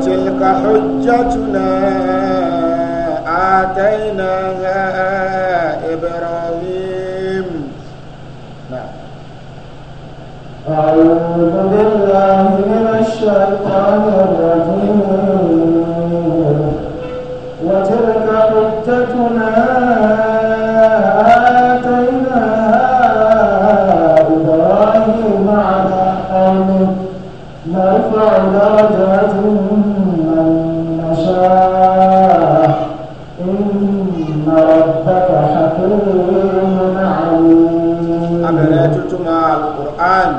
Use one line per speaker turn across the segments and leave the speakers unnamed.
وتلك حجتنا آتيناها إبراهيم
نعم.
أعوذ
بالله من الشيطان الرجيم
Al-Qur'an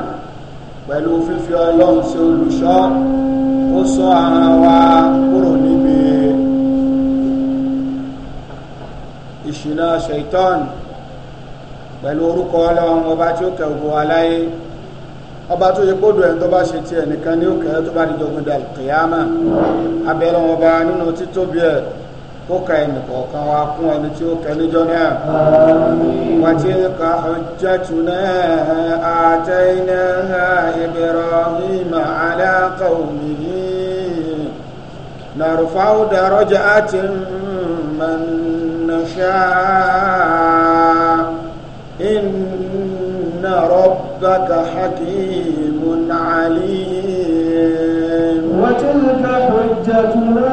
pẹ̀lú fífi ọlọ́run ṣe olùṣọ́ ó sọ ahọ́n wa kúrò níbi ìṣìnà ṣaitan pẹ̀lú orúkọ ọlọ́run ọba tí ó kẹ́ ògbó aláyé ọba tó yẹ kódò ẹni tó bá ṣe tiẹ̀ nìkan ní òkè tó bá di dọ́gbọ́dà kìyàmà abẹ́rẹ́ wọn nínú títóbi ẹ̀ ó ka ẹnì kọ̀ọ̀kan wa kún ẹni tí ó kẹ́ níjọ́ náà. وتلك حجتنا آتيناها إبراهيم على قومه نرفع درجات من نشاء إن ربك حكيم عليم
وتلك حجتنا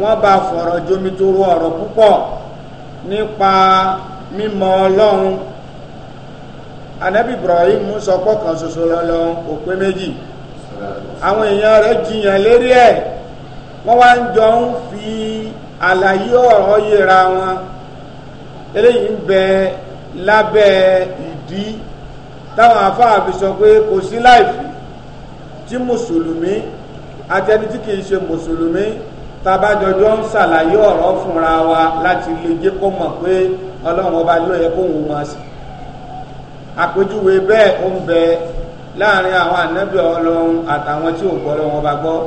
wọ́n bá fọ̀rọ̀ jomi tó ro ọ̀rọ̀ púpọ̀ nípa mímọ ọlọ́run anabi ibrahim sọ pọ̀ kan ṣoṣo lọ́lọ́run kò pé méjì àwọn èèyàn rẹ̀ jiyàn lérí ẹ̀ wọ́n wá ń jọ ń fi àlàyé ọ̀rọ̀ yẹra wọn eléyìí ń bẹ lábẹ́ ìdí táwọn àfáà fi sọ pé kò sí láìfí tí mùsùlùmí àti ẹni tí kìí ṣe mùsùlùmí tabajọjọ ń ṣàlàyé ọ̀rọ̀ fúnra wa láti lè jẹ́ kó mọ̀ pé ọlọ́run ọba ló yẹ kóun máa sìn àpèjúwe bẹ́ẹ̀ ó ń bẹ láàrin àwọn ànábì ọlọ́run àtàwọn tí ò gbọ́ ọlọ́run ọba gbọ́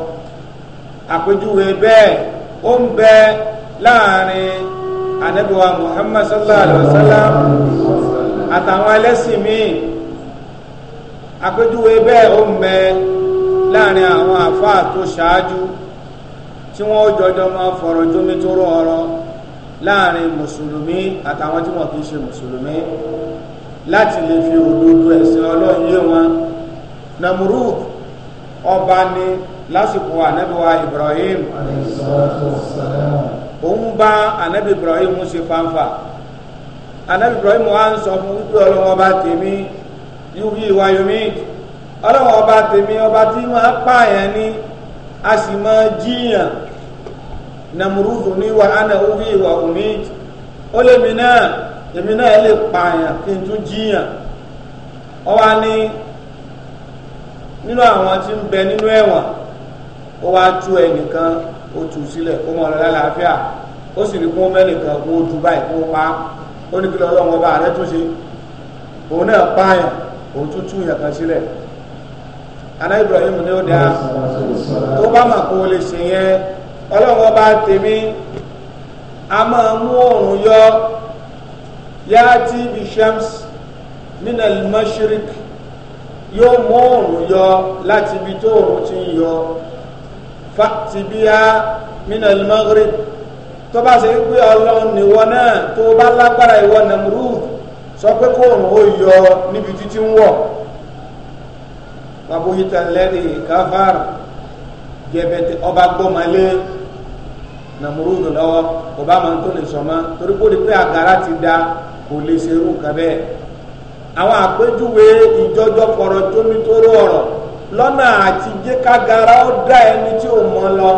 àpèjúwe bẹ́ẹ̀ ó ń bẹ láàrin ànábì wa Muhammad sallallahu alaihi wa sallam àtàwọn ẹlẹ́sìn míì àpèjúwe bẹ́ẹ̀ ó ń bẹ láàrin àwọn àfáà tó ṣáájú tí wọ́n jọjọ máa fọ̀rọ̀ jómi tó rọ ọ̀rọ̀ láàrin mùsùlùmí àtàwọn tí wọ́n kì í ṣe mùsùlùmí láti lè fi òdodo ẹ̀sìn ọlọ́run yé wọn namurud ọba ni lásìkò ànábìwá Ibrahim òun bá ànábì Ibrahim ṣe fanfa ànábì Ibrahim wa ń sọ fún wípé ọlọ́run ọba tèmi yíwí ìwà yomi ọlọ́run ọba tèmi ọba tí máa pààyàn ni a sì máa jíyàn nàmúrúdù ní wa ana ubi wa umid ó lèmi náà èmi náà lè pààyàn kí n tún jíyàn ó wá ní nínú àwọn tí ń bẹ nínú ẹ̀wọ̀n ó wá tú ẹnìkan ó tú sílẹ̀ ó mọ̀ lọ́la láàfíà ó sì rí kún mẹ́nìkan kó tú báyìí kó pa ó ní kí lọ́wọ́ wọn rẹ tún ṣe òun náà pààyàn òun tún tú yàn kan aná Ibrahim ní ó dáa tó bá mà kó o lè ṣe yẹn ọlọ́run ọba tèmi a máa mú òòrùn yọ yáàtì bishams minal mashrik yóò mú òòrùn yọ láti ibi tó òòrùn ti ń yọ fàtìbíyá minal maghrib tó bá ṣe pé ọlọ́run nìwọ náà tó bá lágbára ìwọ Namrud sọ pé kóòrùn ó yọ níbi títí ń wọ̀. babuhita lẹ́ni káfár jẹbẹtẹ ọba gbọmọlé nàmúrúdù lọ́wọ́ ọba máa ń tó lè sọmọ torí kó ti da kò lè ṣerú kàbẹ àwọn àpéjúwe ìjọjọ fọ̀rọ̀ tómi tóró ọ̀rọ̀ lọ́nà àti jẹ́ lọ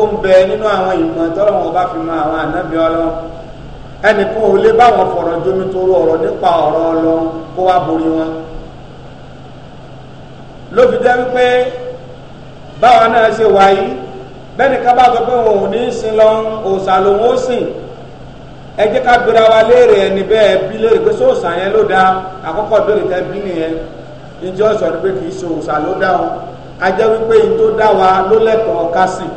ó ń bẹ wọn bá fi mọ àwọn ànábì nípa ló fi jẹ́ wípé báwa náà ṣe wà yìí bẹ́ẹ̀ni ká bá sọ pé òun ò ní sin lọ òòsà lòun ó sìn ẹ jẹ́ ká gbéra wa léèrè ẹni bẹ́ẹ̀ bí léèrè pé sóòsà yẹn ló dáa àkọ́kọ́ béèrè tẹ́ bí nìyẹn ìjọ sọ ni pé kì í ṣe òòsà ló dáa o a jẹ́ wípé yìí tó dá wa ló lẹ́tọ̀ọ́ ká sìn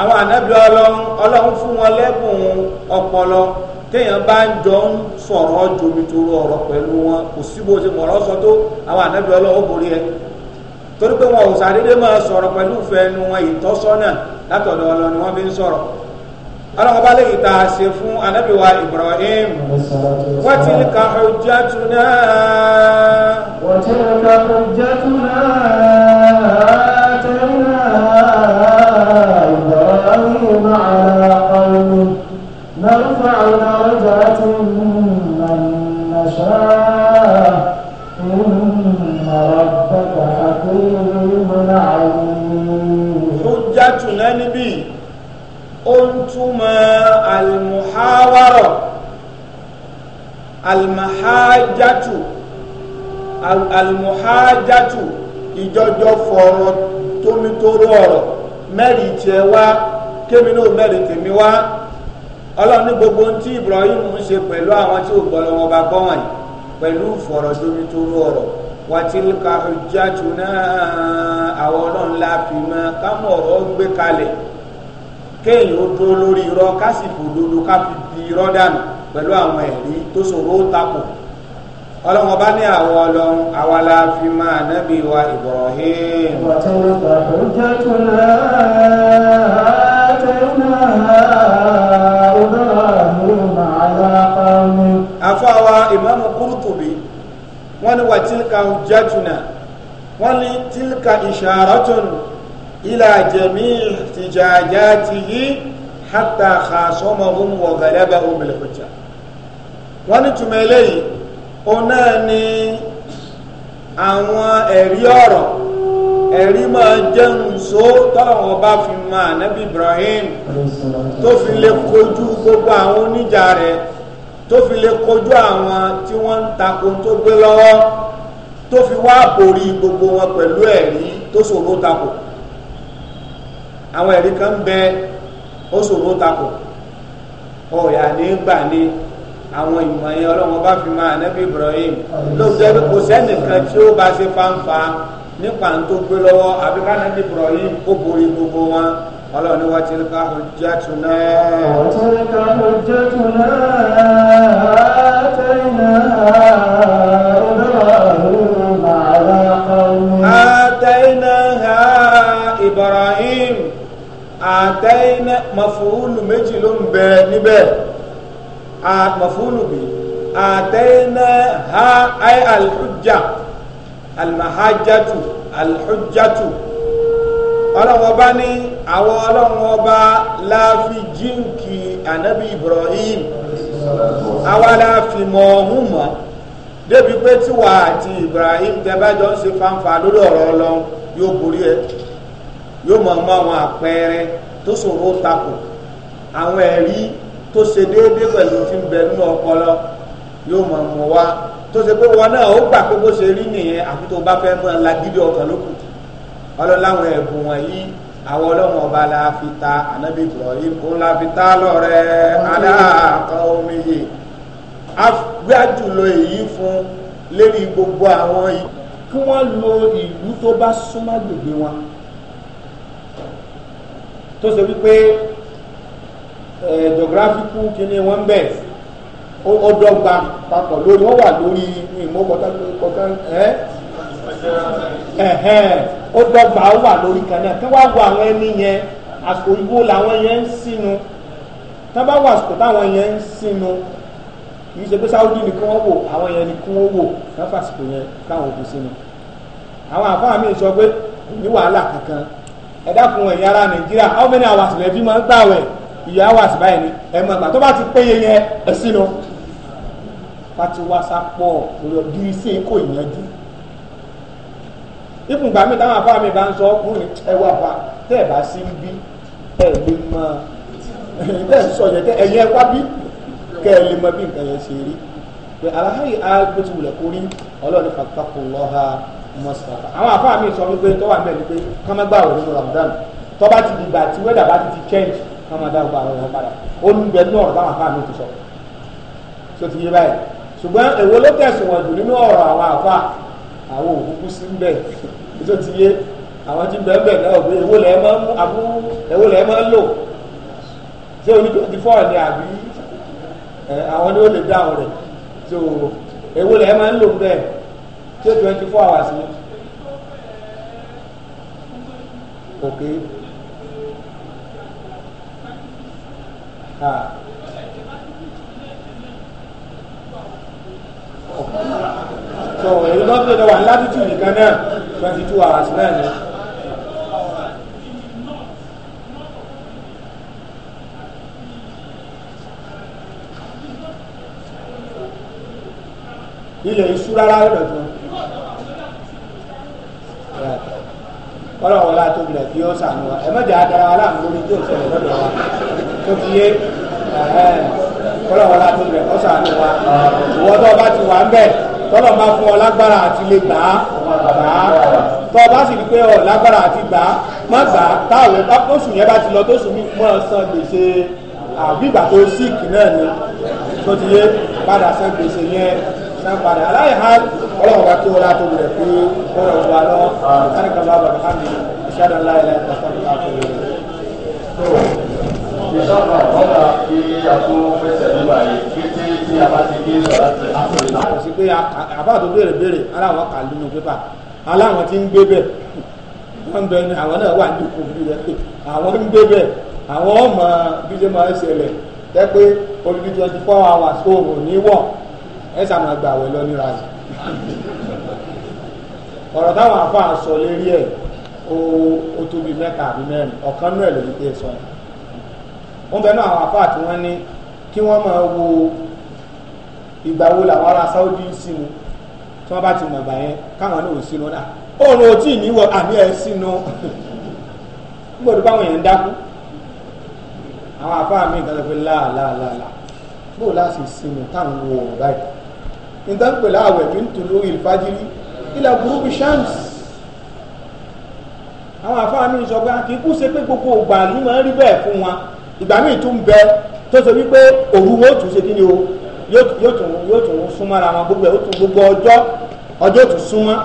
àwọn ànábì ọlọ́run ọlọ́run fún wọn lẹ́bùn ọpọlọ téèyàn bá ń jọ ń sọ̀rọ̀ jomitoro ọ̀rọ̀ pẹ̀lú wọn kò sí bó ṣe mọ̀rọ̀ sọ tó àwọn ànábì ọlọ́wọ́ borí ẹ torí pé wọn ò sàdédé máa sọ̀rọ̀ pẹ̀lú ìfẹ́nu wọn ìtọ́sọ́nà látọ̀dọ̀ ọlọ́ ni wọ́n fi ń sọ̀rọ̀ ọlọ́wọ́ bá léyìí tá ṣe fún ànábì wa Ibrahim wa tilka hujjatuna
wa tilka hujjatuna.
almuhajatu almuhajatu ìjọjọ fọ̀rọ̀ tómitóró ọ̀rọ̀ mẹ́rin tiẹ̀ wá kémi náà mẹ́rin tèmi wá ọlọ́run ní gbogbo ohun tí Ibrahim ń ṣe pẹ̀lú àwọn tí ò gbọ́ lọ́wọ́ bá gbọ́ wọ̀nyí pẹ̀lú fọ̀rọ̀ tómitóró ọ̀rọ̀ wàtílùkà hujjatuna àwọn ọlọ́run la fi mọ́ kámọ̀ ọ̀rọ̀ gbé kalẹ̀ kéèyàn ó dúró lórí irọ́ kásìkò òdodo ká fi di irọ́ dànù pẹ̀lú àwọn ẹ̀rí tó ṣòro ó takò ọlọ́run ọba ní àwọn ọlọ́run àwa la fi máa nábì wa Ibrahim. ọ̀tẹ̀wọ̀tà ọjọ́ tó náà àtẹ̀wọ̀nà ọ̀dọ́rọ̀ àmúhùn àyàpá mi. àfọwọ́ ìmáàmù Qurtubi wọ́n ní wà tílka hujjatuna wọ́n ní tílka ìṣàrọ́tún ilà jẹ̀mí tìjàjàtìyí hatta khasomahum wa ghalabahum bil hujja wọ́n ní tùmẹ̀lẹ́yìn òun náà ni àwọn ẹ̀rí ọ̀rọ̀ ẹ̀rí máa jẹun só tọ́lọ́wọ́n bá fi mọ ànábì Ibrahim tó fi lè kojú gbogbo àwọn oníjà rẹ̀ tó fi lè kojú àwọn tí wọ́n ń takò tó gbé lọ́wọ́ tó fi wá borí gbogbo wọn pẹ̀lú ẹ̀rí tó ṣòro takò àwọn ẹ̀rí kan bẹ ó ṣòro takò ọ̀yà ní gbà ní àwọn ìmọ̀ yẹn ọlọ́run bá fi máa nẹ́bí Ibrahim lóòótọ́ ẹbí kò sẹ́nìkan tí ó bá ṣe fáńfà nípa tó gbé lọ́wọ́ àbí ká nẹ́bí Ibrahim ó borí gbogbo wọn ọlọ́run ní wá ti ká hujjatuna. ọ̀tún ká
hujjatuna àtẹ̀yìnà Ibrahim ala qawmi. àtẹ̀yìnà
Ibrahim àtẹ̀yìnà maf'ul méjì ló ń bẹ níbẹ̀ mafulu bi àtẹ́yìnà ha ayé alhujja almahajatu alhujjatu
ọlọ́run ọba ní
àwọn ọlọ́run ọba láàfi jíǹkì ànábì ibrahim àwa láàfi mọ ọ̀hún mọ́ débi pé tíwà àti ibrahim tẹ́bájọ ń ṣe fanfa lórí ọ̀rọ̀ ọlọ́run yóò borí ẹ yóò mọ̀ mọ́ àwọn àpẹẹrẹ tó ṣòro takò àwọn ẹ̀rí tó ṣe déédéé pẹ̀lú tí ń bẹ nínú ọpọlọ yóò mọ̀ mọ̀ wá tó ṣe pé wọn náà ó gbà pé bó ṣe rí nìyẹn àfi tó bá fẹ́ mọ́ lagídí ọkàn lókùn ọlọ́láwọn ẹ̀bùn wọ̀nyí àwọn ọlọ́wọ́n ọba la fi ta anabi ibrahim kò la fi ta lọ́rẹ́ aláàkọ́ omi yìí agbájú lo èyí fún lérí gbogbo àwọn yìí kí wọ́n lo ìlú tó bá súnmọ́ gbègbè wọn tó ṣe wípé Eh, geographical kìíní wọn bẹ̀ ó dọ́gba lórí wọ́n wà lórí ìmọ̀kọ́tà eh? ẹ́ wà lórí kan kí wá wo àwọn ẹni yẹn àsìkò ìwó làwọn yẹn ń sínú tá bá àsìkò táwọn yẹn ń sínú kì í ṣe pé sáwọ́dì ni kí wọ́n wò àwọn yẹn ni kí wọ́n wò kán fàsìkò yẹn táwọn òkú sínú àwọn àfáà mi sọ pé kò ní wàhálà kankan ẹ dákun ẹ̀yin ará nàìjíríà how many hours lẹ́bí máa ń gbà wẹ̀ ìyá wà sí báyìí ni ẹ̀mọ̀ ìgbà tó bá ti péye yẹn ẹ̀sìn lọ pati wasa pọ̀ lọ bí iṣẹ́ kò yanjú ìfúngbà mi táwọn afá mi bá ń sọ ọkùnrin ẹwà bá tẹ ẹ bá sí ń bí ẹ lè mọ tẹ ẹ sọ yẹn tẹ ẹyẹ wá bí kẹ ẹ lè mọ bí nǹkan yẹn ṣe rí pé aláhàyè agbóti wulẹ̀ kó rí ọlọ́ọ̀ni pàtàkì lọ́ha mọ́sáfà àwọn afá mi sọ wípé tọ́wọ́ àmì ẹ̀ ni pé kọ́mẹ́gbà òun Ramadan tọ́ba ti dìgbà tí wẹ́dà bá ti ti change wọn máa dárúkọ àwọn èèyàn padà ó ń bẹ nínú ọ̀rọ̀ táwọn afá mi ti sọ tó ti yé báyìí ṣùgbọ́n èwo ló tẹ̀sùn wọn jù nínú ọ̀rọ̀ àwọn afá àwọn òkúkú sí ń bẹ tó ti yé àwọn tí ń bẹ bẹ náà òbí èwo lẹ máa ń abú èwo lẹ máa ń lò ṣé oní twenty four ni àbí àwọn ni ó lè dáhùn rẹ̀ tó èwo lẹ máa ń lò bẹ́ẹ̀ ṣé twenty hours ni.
Okay. so èyí
tó fi wà ní latitude nìkan náà twenty two hours náà ni.
ilẹ̀ iṣu rárá lọ́dọ̀ tó kọ́lọ́wọ́ la tóbi rẹ̀ kí ó sànù wa ẹ mọ̀jà adara wa láàmú lórí tí ó ṣẹlẹ̀ lọ́dọ̀ wa tó ti yé kọ́lọ́wọ́ la tóbi rẹ̀ kó sànù wa ìwọ tó o bá ti wà ń bẹ̀ tọ́lọ̀ máa fún ọ lágbára àti lè gbà á gbà á tọ́ ọ bá sì rí pé ọ lágbára àti gbà á má gbà á táwọn oṣù yẹn bá ti lọ tó oṣù mi mọ́ ọ san gbèsè àbí ìgbà tó síìkì náà ni tó ti yé padà san gbèsè yẹn san padà aláì ha ọlọ́run bá tó la tó rẹ̀ pé ó rẹ̀ wà lọ sani kan bá bàbá hàn mí ìṣáda ńlá yẹn
láti pàṣẹ nípa tó rẹ̀. ìṣàkà ọ̀gá kí
a tó fẹsẹ̀ nígbà yìí kí tí tí a bá ti gbé sọ̀rọ̀ àti àtòlè náà. kò sí pé àbá béèrè béèrè aláwọ̀ kà nínú pépà aláwọ̀ ti ń gbé bẹ̀ wọ́n bẹ ní àwọn náà wà ní ìkòkò jẹ́ pé olùdí twenty four hours oòrùn ò ní wọ̀ ẹ sàmà gbà wẹ̀ lọ níra yìí ọ̀rọ̀ táwọn àfáà sọ lérí ẹ̀ ó tóbi mẹ́ta àbí mẹ́rin ọ̀kan náà ló ní pé sọ yẹn wọ́n bẹ̀rẹ̀ àwọn àfáà tí wọ́n ní kí wọ́n máa wo ìgbà wo làwọn ará Saudi sínú tí wọ́n bá ti mọ̀ báyẹn káwọn náà ò sínú náà òòrùn ò tí ì níwọ̀ àmì ẹ̀ sínú nígbà tó báwọn yẹn ń dákú àwọn àbá mi kan lọ pé láàláàláà bó láti sinmi táwọn wo ọ̀rọ̀ báyìí nítorí pé láàwẹ̀ mi ń tò lórí ìfájírí ilà burúkú shams àwọn àfáà mi sọ pé kì í kú ṣe pé gbogbo ògbà ní máa ń rí bẹ́ẹ̀ fún wa ìgbà míì tún bẹ tó ṣe wípé òru wo tún ṣe kí ni o yóò tún yóò tún súnmọ́ ara wọn gbogbo ẹ̀ ó tún gbogbo ọjọ́ ọjọ́ tún súnmọ́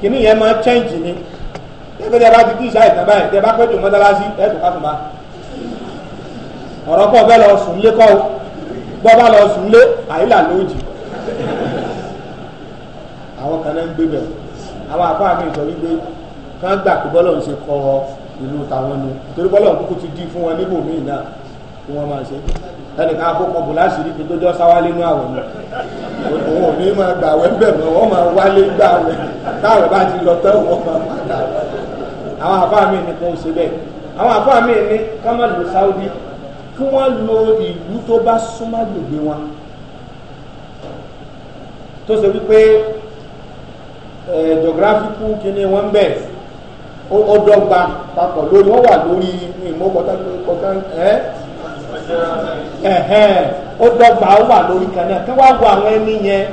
kìíní yẹn máa change ni tẹ́gbẹ́tẹ́ bá ti kí ìṣá ìtàn báyìí tẹ́ bá pẹ́ tó mọ́tálásí ẹ̀ tó ká tó máa ọ̀rọ̀ pọ̀ bẹ́ẹ̀ lọ sùn lé kọ́ o bọ́ bá lọ sùn lé àyílà lójì àwọn kan náà ń gbé bẹ̀rù àwọn àfáà mi sọ wípé kán gbà pé bọ́lọ̀ ń ṣe kọ ìlú tàwọn nu torí bọ́lọ̀ kúkú ti di fún wọn níbò míì náà kí wọ́n máa ṣe ẹnìkan akókò bò láṣìírí pé tó jọ sáwálé nú àwẹ̀ òun ò ní máa gbà wẹ́ bẹ̀ mọ́ wọ́n máa wálé gbà wẹ́ táwọn bá ti lọ tán wọ́n máa padà àwọn àfáà mi ní kò ṣe bẹ́ẹ̀ àwọn àfáà mi ní ká má Saudi kí wọ́n lo ìlú tó bá súnmọ́ gbègbè wọn tó ṣe wípé geographical kíní wọn bẹ̀ ó dọ́gba papọ̀ lórí wọ́n wà lórí ìmọ̀kọ́tà ẹ́ ẹ̀hẹ́n ó dọ́gba ó wà lórí kan náà kí wọ́n á wo àwọn ẹni yẹn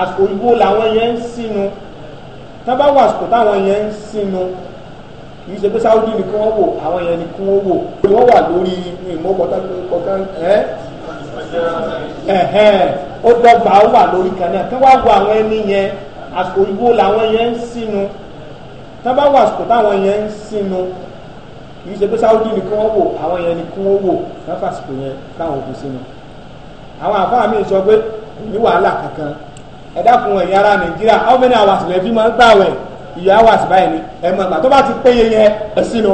àsìkò ìwó làwọn yẹn ń sínú tí wọ́n bá wà àsìkò táwọn yẹn ń sínú kì í ṣe pé sáwùdí ni kí wọ́n wò àwọn yẹn ni kí wọ́n wò wọ́n wà lórí ìmọ̀kọ̀tàn ó dọ́gba ó wà lórí kan náà kí wọ́n wá àwọn ẹni yẹn àsìkò ìwó làwọn yẹn ń sínú tán bá wà àsìkò táwọn yẹn ń sínú kì í ṣe pé sáwùdí ni kí wọ́n wò àwọn yẹn ni kí wọ́n wò tán fàsìkò yẹn káwọn òkú sínú àwọn àfáà mi sọ pé ní wàhálà kankan ẹ̀dá fún ẹ̀yìn ara nàìjíríà how many hours lè fi máa gbà wẹ̀ ìyá wà sí báyìí ni ẹ mọ̀ ìgbà tó bá ti péye yẹn ẹ sínú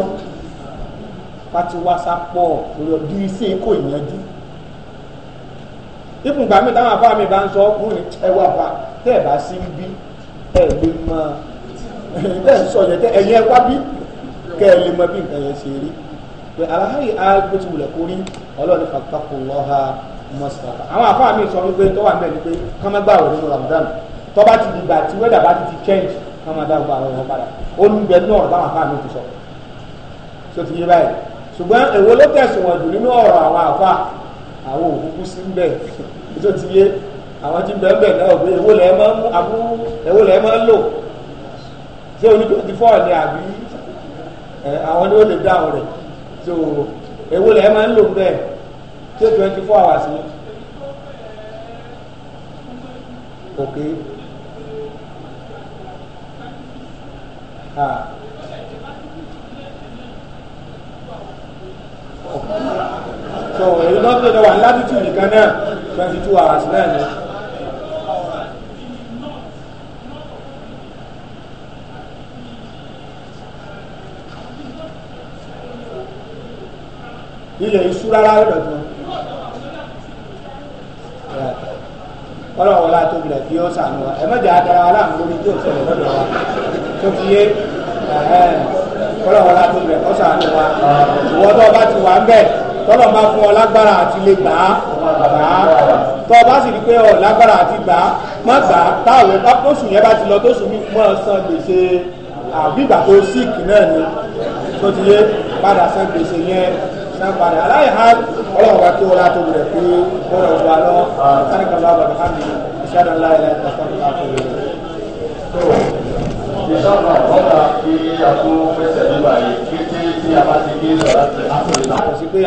pati wasapọ̀ lórí iṣẹ́ kò yanjú ìfúngbà mi táwọn afá mi bá ń sọ ọkùnrin ẹwà bá tẹ́ ẹ̀ bá sí bí ẹ̀ lè mọ ẹ̀ sọ yẹn tẹ́ ẹ̀yẹ wá bí kẹ́ ẹ̀ lè mọ bí nǹkan yẹn ṣe rí pé aláhàyè agbóti wulẹ̀ kó rí ọlọ́ọ̀ni fàtàkùn lọ́ha mọ́sàkà àwọn afá mi sọ wípé tó wà mẹ́rin pé kọ́mẹ́gbà wọlé ní Ramadan tó bá ti dìgbà tí wẹ́dà bá ti ti change wọn máa dárúkọ àwọn èèyàn padà ó ń bẹ náà táwọn afá mi ti sọ tó ti yé báyìí ṣùgbọ́n èwo ló tẹ̀sùnwọ̀n jù nínú ọ̀rọ̀ àwọn afá àwọn òkúkú sí ń bẹ tó ti yé àwọn tí ń bẹ ń bẹ náà pé èwo lẹ́ẹ̀ máa ń mú abú èwo lẹ́ẹ̀ máa ń lò ṣé oní twenty four ni àbí àwọn ni ó lè dáhùn rẹ̀ so èwo lẹ́ẹ̀ máa ń lò bẹ́ẹ̀ ṣé twenty hours ni. okay so èyí lọ́pọ̀ tó wà ní latitude nìkan náà twenty two hours náà ni.
ilẹ̀ iṣu rárá lọ́dọ̀
tó ọlọ́wọ́lá tóbi rẹ̀ kí ó sànú wa ẹ̀mẹ́jẹ̀ adarawa láàmú lórí tí ò sọ̀rọ̀ lọ́dọ̀ wa tó ti yé kọ́lọ́wọ́lá tó bẹ̀ kọ́sà ni wa ìwọ tó bá ti wà ń bẹ̀ tọ́lọ̀ máa fún ọ lágbára àti lè gbà á gbà á tọ́ bá sì rí pé ọ lágbára àti gbà á má gbà á táwọn tóṣù yẹn bá ti lọ tóṣù mi mọ́ san gbèsè àbígbà tó síìkì náà ni tó ti yé padà san gbèsè yẹn san padà aláìhá ọlọ́run wa tó ọlá tó rẹ̀ pé bọ́ọ̀rọ̀ wa lọ sani kan bá bàbá mi ìṣẹ́ àdánláyé láti ọ̀sán ìlà àkọlẹ̀
rẹ̀ ìṣàmà àgbọ́ta kí a tó fẹsẹ̀ nígbà yìí kí
tí a bá ti gbé sọ̀rọ̀ láti látòlè náà. kò sí pé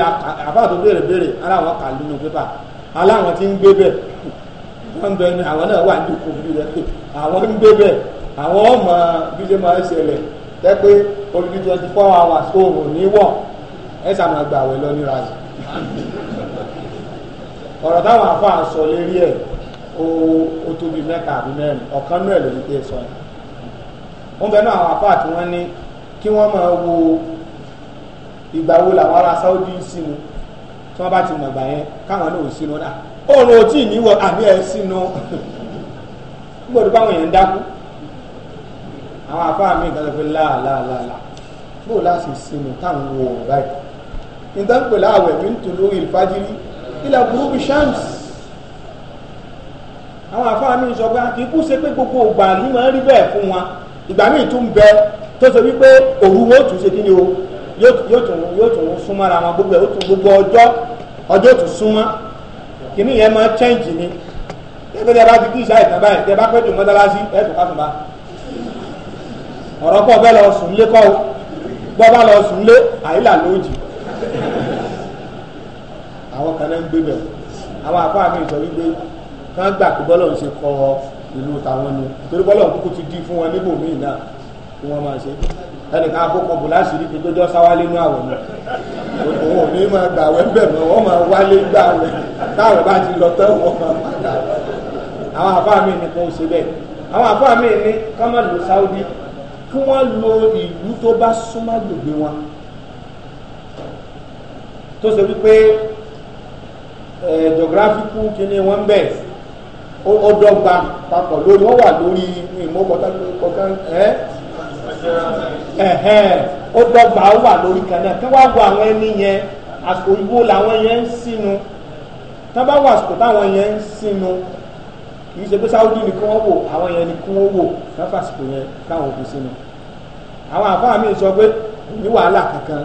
àbá tó béèrè béèrè aláwọ̀ kà nínú pépà aláwọ̀ ti ń gbé bẹ̀ wọ́n bẹ ní àwọn náà wà ní ìkó bí rẹ̀ pé àwọn ń gbé bẹ̀ àwọn ọmọ bí ṣe máa ń ṣẹlẹ̀ tẹ́ pé olùdí twenty four hours oòrùn ní wọ̀ ẹ sàmà gbà wẹ̀ lọ níra sí ọ̀rọ̀ táwọn àfa àsọ lérí ẹ̀ ó tóbi mẹ́ta àbí mẹ́rin ọ̀kan náà ló ní pé sọ yẹn wọ́n bẹ̀rẹ̀ àwọn àfáà tí wọ́n ní kí wọ́n máa wo ìgbà wo làwọn ará Saudi sínú tí wọ́n bá ti mọ̀gbà yẹn káwọn náà ò sínú náà òòrùn ò tí ì níwọ̀ àmì ẹ̀ sínú gbọ́dọ̀ báwọn èèyàn ń dákú àwọn àfáà mi ìgbà tó fi láàláàláà bóò láti sínú táwọn wo òòrùn báyìí nǹkan pè láàwẹ̀ mi ń tò lórí ìfájírí ilà burúkú shams àwọn àfáà mi sọ pé àkíkú ṣe pé gbogbo ògbà ní máa rí bẹ́ẹ̀ fún wa ìgbà míì tún bẹ tó ṣe wípé òru wo tún ṣe kí ni o yóò tún yóò tún súnmọ́ ara wọn gbogbo ẹ̀ ó tún gbogbo ọjọ́ ọjọ́ tún súnmọ́ kìíní yẹn máa chẹ́ǹjì ni tẹ́tẹ́ tẹ́ bá ti kí ìṣá ìtàn báyìí tẹ́ bá pẹ́ tó mọ́tálásí ẹ̀ tó kásùn bá ọ̀rọ̀ pọ̀ bẹ́ẹ̀ lọ sùn lé kọ́ o gbọ́ bá lọ sùn lé àyílà lójì àwọn kan náà ń gbé bẹ̀rù àwọn àfáà mi sọ wípé kán gbà pé bọ́lọ̀ ń ṣe kọ́ ọ ìlú tàwọn ni torí bọ́lá òkúkú ti di fún wọn níbò míì náà kí wọ́n máa ṣe ẹnìkan akókò bò láṣìírí pé tó jọ sáwálé ní àwọ̀ náà òun ò ní máa gbà wẹ́ bẹ̀ mọ́ wọ́n máa wálé gbà wẹ́ táwọn bá ti lọ tán wọ́n máa padà àwọn àfáà mi nìkan ò ṣe bẹ́ẹ̀ àwọn àfáà mi ní ká má lo Saudi kí wọ́n lo ìlú tó bá súnmọ́ gbègbè wọn tó ṣe wípé eh, geographical kí ni wọ́n bẹ̀ ó dọ́gba papọ̀ lórí wọ́n wà lórí ìmọ̀kọ̀tàn ẹ̀hẹ́n ó dọ́gba ó wà lórí kan náà kí wá wo àwọn ẹni yẹn àsìkò ìwó làwọn yẹn ń sínú tá bá àsìkò táwọn yẹn ń sínú kì í ṣe pé sáwọ́dì ni kí wọ́n wò àwọn yẹn ni kí wọ́n wò wọ́n fàsìkò yẹn táwọn òbí sínú àwọn àfáà mi sọ pé kò ní wàhálà kankan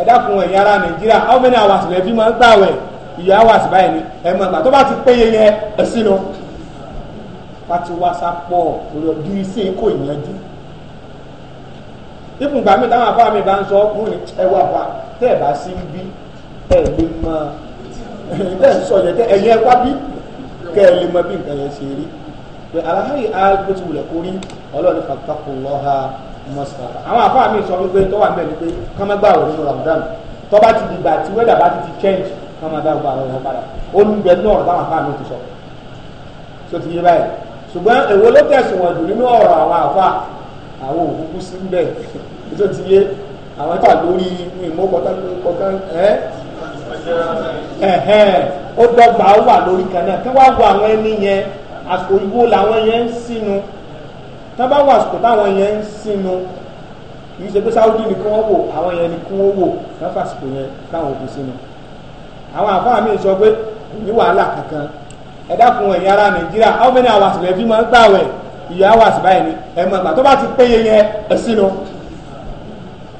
ẹ dákun ẹ̀yin ará nàìjíríà how many hours lẹ́bí máa ń gbàwẹ̀ ìyá hours báyìí ni ẹ̀ mọ̀ gbà tó bá ti péye yẹn ẹ̀ sínú káti wáṣà pọ̀ ọ̀rọ̀dú iṣẹ́ kò yanjú ipò gbàmí táwọn afá mi bá ń sọ ọkùnrin ẹwà bá tẹ́ ẹ̀ bá sí ń bí ẹ̀ lè mọ ẹ̀ ń sọ yẹn tẹ́ ẹ̀yẹ wá bí kẹ́ ẹ̀ lè mọ bí nǹkan yẹn ṣe rí pé aláhàyè àgbò ti wulẹ̀ kórí ọlọ́ọ̀ni fàtàkùn lọ́ha mọ́sàlá àwọn afá mi sọ wípé tó wà mẹ́rin pé kọ́mẹ́gbà wò nínú Ramadan tó bá ti dìgbà tí wẹ́dà bá ti ti change kọ́mẹ́gbà wò padà olùgbẹ́ náà táwọn afá mi ti sọ so ti yé báyìí ṣùgbọ́n èwo ló tẹ̀sùn wọ̀n jù nínú ọ̀rọ̀ àwọn àfa àwọn òkúkú sí bẹ̀ tó ti yé àwọn tà lórí ìmọ̀kọ̀tàn ẹ́ ẹ̀hẹ́n ó dọ́gba ó wà lórí kan náà kí wàá wo àwọn ẹni yẹn àsìkò ìwó làwọn yẹn ń sínú tá bá wà àsìkò táwọn yẹn ń sínú kì í ṣe pé sáwọ́dì ni kí wọ́n wò àwọn yẹn ni kí wọ́n wò wọ́n fàsìkò yẹn káwọn òkú sínú àwọn àfáà mi sọ pé kò ní wàhálà kankan ẹ dákun ẹ̀yin ará nàìjíríà how many hours lè fi máa ń gbàwẹ̀ iye hours báyìí ni ẹ mọ̀ ìgbà tó bá ti péye yẹn ẹ sí lọ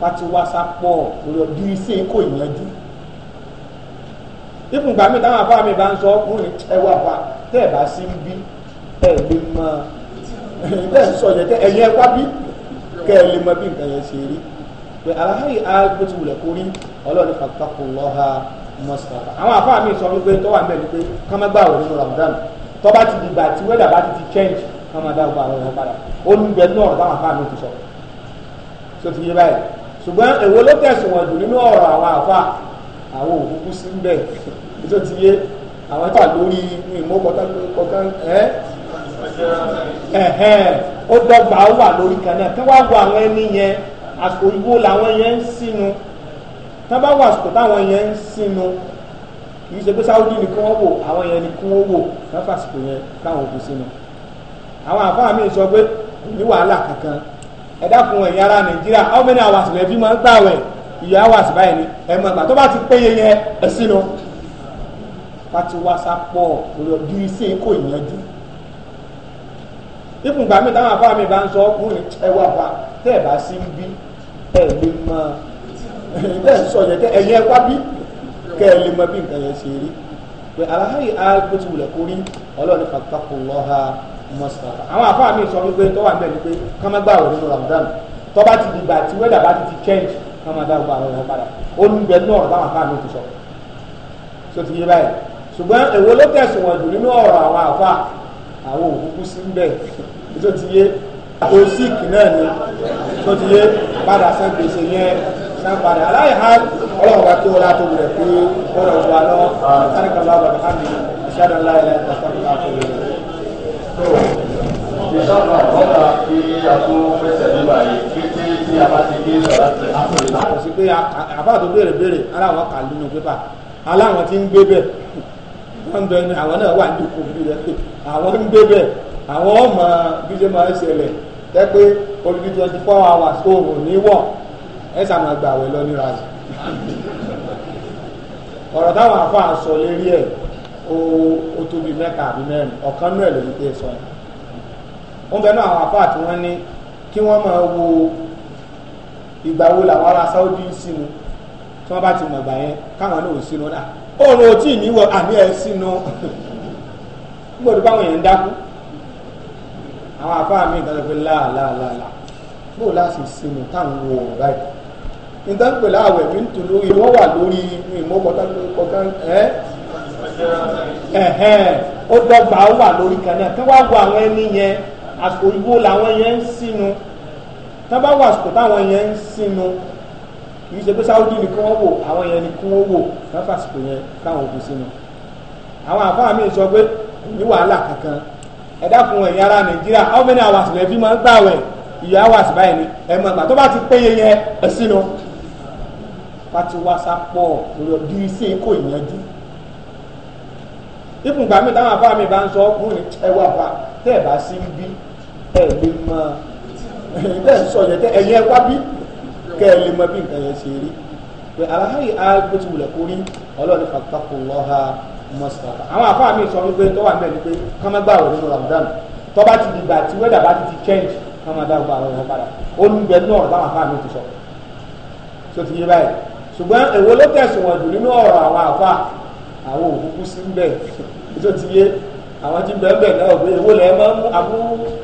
pati wasa pọ̀ lórí ọdún iṣẹ́ kò yanjú ìfúngbà mi táwọn afá mi bá ń sọ ọkùnrin ẹwà bá tẹ́ ẹ̀ bá sí ń bí ẹ̀ lè mọ ẹ̀ ń sọ yẹn tẹ́ ẹ̀yẹ wá bí kẹ́ ẹ̀ lè mọ bí nǹkan yẹn ṣe rí pé aláhàyè á bó ti wulẹ̀ kórí ọlọ́run fàtàkùn lọ́ha mọ́sítàtà àwọn àfáà mi sọ wípé tó wà mẹ́rin pé kán mẹ́gbà wò nínú Ramadan tó bá ti dìgbà tí wẹ́dà bá ti ti change kán máa dárúkọ àwọn ọ̀rọ̀ padà ó ní ibẹ̀ náà táwọn àfáà mi ti sọ tó ti yé báyìí ṣùgbọ́n èwo ló tẹ̀sùn wọ̀n jù nínú ọ̀rọ̀ àwọn àfáà àwọn òkúkú sí ń bẹ̀ tó ti yé àwọn tà lórí ìmọ̀kọ̀tàn ẹ̀
ẹ̀hẹ́n
ó ó wà tán bá wà àsìkò táwọn yẹn ń sinu kì í ṣe pé sáwọ́dì ni kí wọ́n wò àwọn yẹn ni kí wọ́n wò kán fàsìkò yẹn káwọn òkú sinu àwọn àfáà mi sọ pé kò ní wàhálà kankan ẹ dákun ẹ̀yin ará nàìjíríà how many hours lẹ́bí máa ń gbàwẹ̀ ìyá hours báyìí ni ẹ̀ mọ̀ gbà tó bá ti péye yẹn ẹ̀ sinu pati wasa pọ̀ lórí ọdún iṣẹ́ kò yanjú ipò gbàmí táwọn afáàmì bá ń sọ ọkùnrin ẹwà bá tẹ́ ẹ̀ bá sí ń bí ẹ̀ lè máa ẹ̀yin náà sọ yẹn kẹ́ ẹ̀yin ẹ wá bí kẹ́ ẹ lè mọ bí nǹkan yẹn ṣe rí pé aláhàyè agbóti wulẹ̀ kó rí ọlọ́ọ̀ni pàtàkì lọ́ha mọ́sàlá àwọn àfáà mi sọ wípé tọ́wà ń bẹ̀ ni pé ká nínú Ramadan tó ti dìgbà tí wẹ́dà bá ti ti change ká má dáhùn àwọn ọ̀rọ̀ padà ó ní bẹ náà ọ̀rọ̀ táwọn àfáà mi ti sọ tó ti yé báyìí ṣùgbọ́n èwo ló tẹ̀sùn wọn jù nínú ọ̀rọ̀ àwọn àfáà àwọn òkúkú sí ń bẹ̀ tó ti yé kò náà ni tó ti yé padà sẹ́gbèsè yẹn sanfani ala ye hali ọlọ́run ka tó o la tó o rẹ̀ pé o rẹ̀ wà lọ sani kan lọ́wọ́ bàbá
mi ìṣáàdà ńlá yẹn lẹ́yìn tẹ̀sán mi láti rẹ̀. tó
ìṣàlù àbọ̀dà kí a tó fẹsẹ̀ nígbà yìí kí tí tí a bá ti gbé sọ̀rọ̀ àti àpòlì náà. kò sí pé àbá tó béèrè béèrè aláwọ̀ kà nínú pépà aláwọ̀ ti ń gbé bẹ̀ wọ́n bẹ ní àwọn náà wà ní ipò bí rẹ̀ pé àwọn ń gbé bẹ̀ àwọn ọmọ bí ṣe máa ń ṣẹlẹ̀ tẹ́ pé olùdí twenty four hours tó wò ní wọ̀ ẹ sàmà gbà wẹ̀ lọ níra sí ọ̀rọ̀ táwọn afọ àṣọ lérí ẹ̀ ó tóbi mẹ́ta àbí mẹ́rin ọ̀kan náà ló ní pé sọ yẹn wọ́n bẹ̀rẹ̀ àwọn afọ àti wọ́n ní kí wọ́n máa wo ìgbà wo làwọn ará Saudi sínú tí wọ́n bá ti mọ̀ gbà yẹn káwọn náà ò sínú náà òòrùn o tí ì níwọ̀ àmì ẹ̀ sínú gbọ́dọ̀ báwọn yẹn ń dákú àwọn afọ àmì ìdájọ́ pé láàláàláà bóò láti sinmi táwọn wo ọ̀rọ̀ báyìí ìdánpẹ̀ láàwẹ̀ mi ń tò lórí wọ́n wà lórí ìmọ̀kọ̀tàn ẹ̀hẹ́n ó dọ́gba ó wà lórí kan náà kí wọ́n á wo àwọn ẹni yẹn àsìkò ìwó làwọn yẹn ń sínú tí wọ́n bá wọ àsìkò táwọn yẹn ń sínú kì í ṣe pé sáwọ́dì ni kí wọ́n wò àwọn yẹn ni kí wọ́n wò wọ́n fàsìkò yẹn káwọn òkú sínú àwọn àfáà mi sọ pé ní wàhálà kankan ẹ dákun ẹ̀yin ará nàìjíríà how many hours lẹ́ẹ̀fí máa ń gbàwẹ̀ ìyá hours báyìí ni ẹ̀ mọ̀ gbà tó bá ti péye yẹn ẹ̀ sínú pati wasa pọ̀ lórí ọdí iṣẹ́ kò yanjú ibùgbà mi táwọn afá mi bá ń sọ ọkùnrin ẹwà bá tẹ́ ẹ̀ bá sí bí ẹ̀ lè mọ
ẹ̀ ń sọ yẹn tẹ́ ẹ̀yìn ẹ̀ wá bí kẹ́ ẹ̀ lè
mọ bí nǹkan yẹn ṣe rí pé aláhàyè agbóti wulẹ̀ kórí ọlọ́ọ̀ni fàtàkù lọ́ha mọ́sàkà àwọn afá mi sọ wípé tó wà mẹ́rin pé kán má gbàwọ̀ nínú Ramadan tó bá ti dìgbà tí wẹ́dà bá ti ti change kán má dá gbàwọ̀ wọn padà ó ń bẹ náà táwọn afá mi ti sọ tó ti yé báyìí ṣùgbọ́n èwo ló tẹ̀sùn wọn jù nínú ọ̀rọ̀ àwọn àfa àwọn òkúkú sí ń bẹ̀ tó ti yé àwọn tí ń bẹ̀ ń bẹ̀ náà pé èwo lẹ̀ máa
ń abú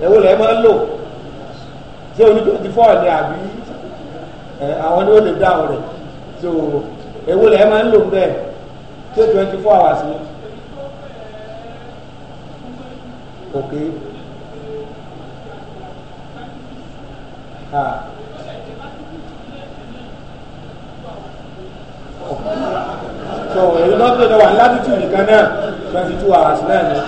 èwo lẹ̀
máa ń lò ṣé oní twenty four ni àbí àwọn ni ó lè dá àwọn rẹ̀ èwo lẹ̀ máa ń lò bẹ́ẹ̀ ṣé twenty four hours ni
ok.
Ah. so èyí náà tó lọ wà latitude nìkan náà
twenty two hours náà ni.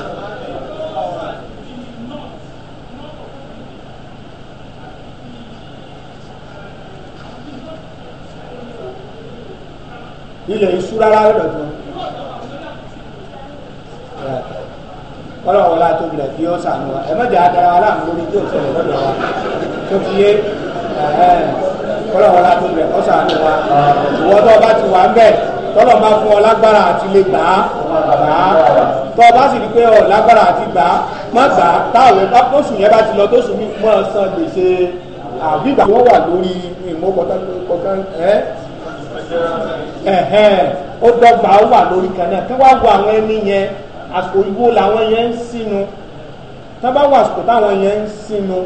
ilẹ̀ iṣu rárá lọ́dọ̀ tó ọlọ́wọ́lá tóbi rẹ̀ kí ó sànú wa ẹ̀ mọ́jà adarawa láàmú lórí tí ò ṣẹlẹ̀ lọ́dọ̀ wa tó fi yé kọ́lọ́wọ́ láti bẹ̀ kọ́ sàánú wa ìwọ tó o bá ti wà ń bẹ̀ tọ́lọ̀ máa fún ọ lágbára àti lè gbà á gbà á tọ́ ọ bá sì rí pé ọ lágbára àti gbà á má gbà á táwọn ẹ̀ka tóṣù yẹn bá ti lọ tóṣù mi mọ́ ọ san gbèsè àbí ìgbà wà lórí ìmọ̀kọ̀kan ó dọ́gba ó wà lórí kan náà kí wọ́n á àwọn ẹni yẹn àsìkò ìwo làwọn yẹn ń sínú tí wà àsìkò táwọn yẹn ń sínú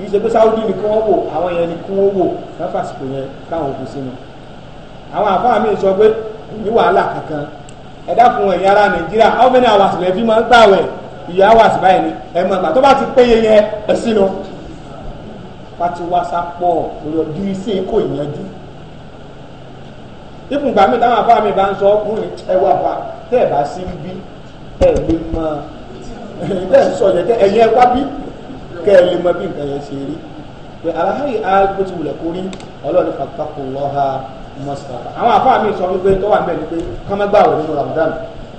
kì í ṣe pé sáwùdí ni kí wọ́n wò àwọn yẹn ni kí wọ́n wò kán fàsìkò yẹn káwọn òkú sínú àwọn àfáà mi sọ pé ní wàhálà kankan ẹ dákun ẹ̀yin ará nàìjíríà how many hours lè fi máa ń gbàwẹ̀ ìyá hours báyìí ni ẹ̀ mọ̀ gbà tó bá ti péye yẹn ẹ̀ sínú pati wasa pọ̀ lọ di iṣẹ́ kò yanjú ìfúngbà mi táwọn afá mi bá ń sọ ọkùnrin ẹwà fa tẹ ẹ bá sí bí ẹ lè mọ ẹ sọ yẹ kẹ ẹyẹ wá bí kẹ́ ẹ lè mọ bí nǹkan yẹn ṣe rí pé aláhàyè àgbò ti wulẹ̀ kó rí ọlọ́ọ̀ni fàtàkùn lọ́ha mọ́sàkà àwọn àfáà mi sọ wípé tó wà ń bẹ̀ ni pé ká má gbààwẹ̀ nínú Ramadan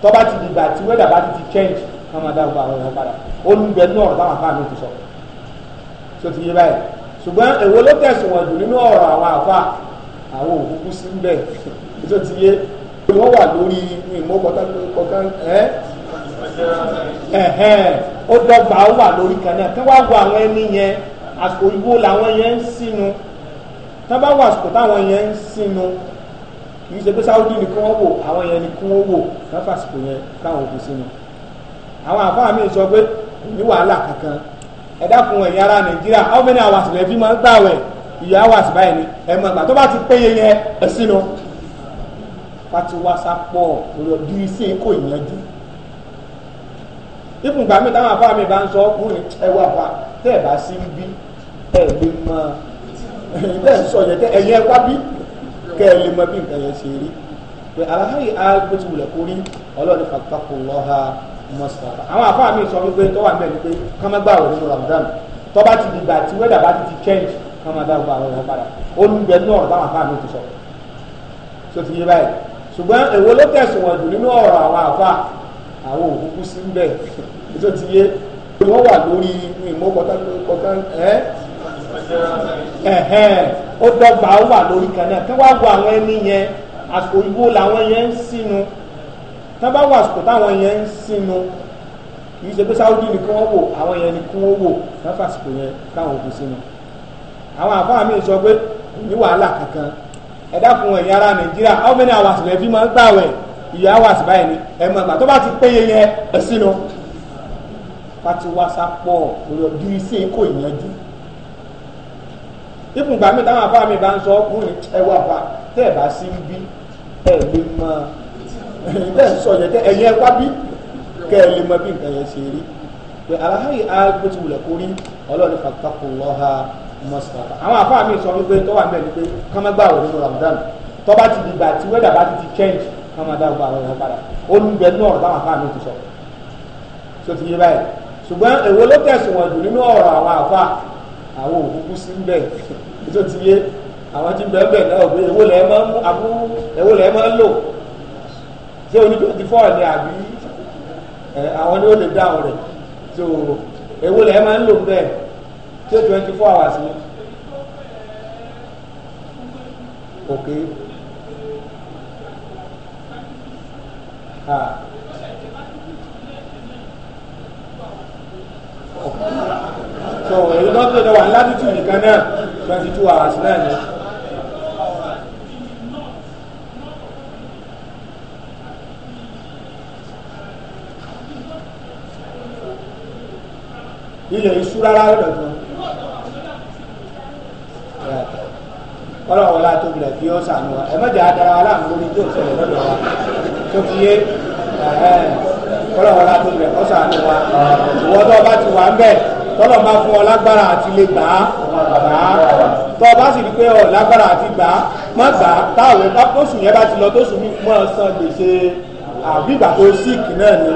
tó bá ti dìgbà tí wẹ́dà bá ti ti change ká má dá gbààwẹ̀ wọn padà olùgbẹ́ náà ọ̀rọ̀ táwọn àfáà mi ti sọ tó ti yé báyìí ṣùgbọ́n èwo ló tẹ̀sùn wọn jù nínú ọ̀rọ̀ àwọn àfáà àwọn òkúkú sí ń bẹ̀ tó ti yé wọ́n wà lórí ìmọ̀kọ̀tán ẹ́ ó dọ́gba ó wà lórí kan náà kí wàá wo àwọn ẹni yẹn àsìkò ìwo làwọn yẹn ń sínú tí wọ àsìkò táwọn yẹn ń sínú kì í ṣe pé sáwọ́dì ni kí wọ́n wò àwọn yẹn ni kí wọ́n wò wọ́n fàsìkò yẹn káwọn òkú sínú àwọn àfáà mi sọ pé kò ní wàhálà kankan ẹ dákun ẹ̀yin ará nàìjíríà how many hours lè fi máa ń gbàwẹ̀ ìyá hours báyìí ni ẹ̀ mọ̀ ìgbà tó bá ti péye yẹn ẹ̀ sínú pati wasa pọ̀ lórí ọdún iṣẹ́ kò yanjú ipò gbàmí táwọn afá mi bá ń sọ ọkùnrin ẹwà fa tẹ́ ẹ̀ bá sí ń bí ẹ̀ lè mọ ẹ̀ ń sọ yẹn tẹ́ ẹ̀yẹ wá bí kẹ́ ẹ̀ lè mọ bí nǹkan yẹn ṣe rí pé aláhàyè agbóti wulẹ̀ kó rí ọlọ́ọ̀ni fàtàkù lọ́ha mọ́sàlá àwọn afá mi sọ wípé tó wà mẹ́rin pé kọ́mẹ́gbà nínú Ramadan tó bá ti dìgbà tí wẹ́dà bá ti ti change kọ́mẹ́gbà wọ̀ àwọn ọ̀rọ̀ padà olùgbẹ́ náà táwọn afá mi ti sọ ṣùgbọ́n èwo ló tẹ̀sùn wọ̀jù nínú ọ̀rọ̀ àwọn afá àwọn òkúkú sí bẹ̀ tó ti yé wọ́n wà lórí ìmọ̀kọ́tà ẹ́ ẹ̀hẹ́n ó dọ́gba ó wà lórí kan náà kí wàá wo àwọn ẹni yẹn àsìkò ìwó làwọn yẹn ń sínú tí wọ́n bá wọ àsìkò táwọn yẹn ń sínú kì í ṣe pé sáwọ́dì ni kí wọ́n wò àwọn yẹn ni kí wọ́n wò wọ́n fàsìkò yẹn káwọn òkú sínú àwọn àfáà mi sọ pé ní wàhálà kankan ẹ dákun ẹ̀yin ará Nàìjíríà how many hours lẹ́ẹ̀fí máa ń gbà wẹ̀ ìyá wà sí báyìí ni ẹ̀mọ ìgbà tó bá ti péye yẹn ẹ̀sìn lọ. pati wasa pọ̀ lórí ọdún iṣẹ́ kò yanjú. ìpùngbà mi táwọn afá mi bá ń sọ ọkùnrin ẹwà bá tẹ́ ẹ̀ bá sí ń bí ẹ̀ lè mọ ẹ̀ ń sọ yẹn tẹ́ ẹ̀yẹ wá bí kẹ́ ẹ̀ lè mọ bí nǹkan yẹn ṣe rí. pé aláhàyè agbóti wulẹ̀ kó rí ọlọ́run fàtàkù lọ́ha mọ́sàkà. àwọn afá mi sọ wípé tọ́wà mẹ́rin pé kọ́mẹ́gbà wọ̀ nínú Ramadan tọ́ bá ti dìgbà tí wẹ́dà bá ti ti change ká máa dárúkọ àwọn èèyàn padà ó ń bẹ ní ọ̀rọ̀ táwọn afá mi ti sọ tó ti yé báyìí ṣùgbọ́n èwo ló tẹ̀sùn wọn jù nínú ọ̀rọ̀ àwọn afá àwọn òkúkú sí ń bẹ tó ti yé àwọn tí ń bẹ bẹ̀ náà pé èwo lẹ̀ máa ń mú abú èwo lẹ̀ máa ń lò ṣé oní twenty four ni àbí àwọn ni ó lè dá ọ̀rẹ́ tó èwo lẹ̀ máa ń lò bẹ́ẹ̀ ṣé twenty four hours ni.
okay so èyí
tó tó lọ wà ní latitude nìkan náà twenty two hours náà ni. ilẹ̀ iṣu rárá lọ́dọ̀ tó ọlọ́wọ́lá tóbi rẹ̀ fi ọ́ sànú ẹ̀ mọ́jà adarawa láàmú lórí tó ṣẹlẹ̀ lọ́dọ̀ wa tó ti yé kọ́lọ́wọ́lá tó bẹ̀ kọ́ sàánú wa ìwọ́n tó bá ti wà ń bẹ̀ tọ́lọ̀ máa fún ọ lágbára àti lè gbà á gbà á tọ́ ọ bá sì rí pé ọ lágbára àti gbà á má gbà á táwọn ẹ̀ka tóṣù yẹn bá ti lọ tóṣù mi mọ́ ọ san gbèsè àbí ìgbà tó síìkì náà ni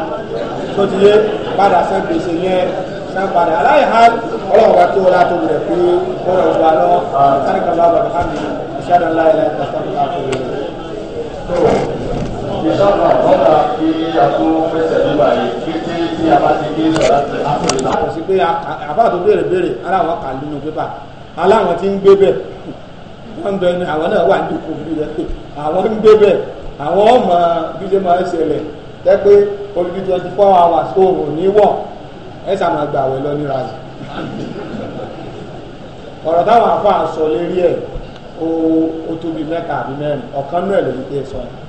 tó ti yé padà san gbèsè yẹn san padà aláìhá ọlọ́run wa tó wọlé àtòwò rẹ̀ pé kọ́lọ̀ wà lọ sani kan bá wà lọ́hàmì ìṣáná
ìṣàkóso àgbọ̀dà kí
a tó fẹsẹ̀ nígbà yìí kété tí a bá ti dé sọ̀rọ̀ àti àpòlù náà. àti pé àbá tó béèrè béèrè ara wọn kà nínú pépà aláwọn ti ń gbé bẹ̀ wọ́n ń bẹ ní àwọn náà wà ní ìkòkòrò rẹ̀ pé àwọn ń gbé bẹ̀ àwọn ọmọ bí ṣe máa ń ṣẹlẹ̀ jẹ́ pé olùdí twenty four hours oòrùn ní wọ̀ ẹ̀ sàmà gbà wẹ̀ lọ níra yìí ọ̀rọ̀ táwọn afọ àṣọ lérí ẹ̀ o tóbi mẹ́ta àbí mẹ́rin ọ̀kan náà lè ní pé sọ yìí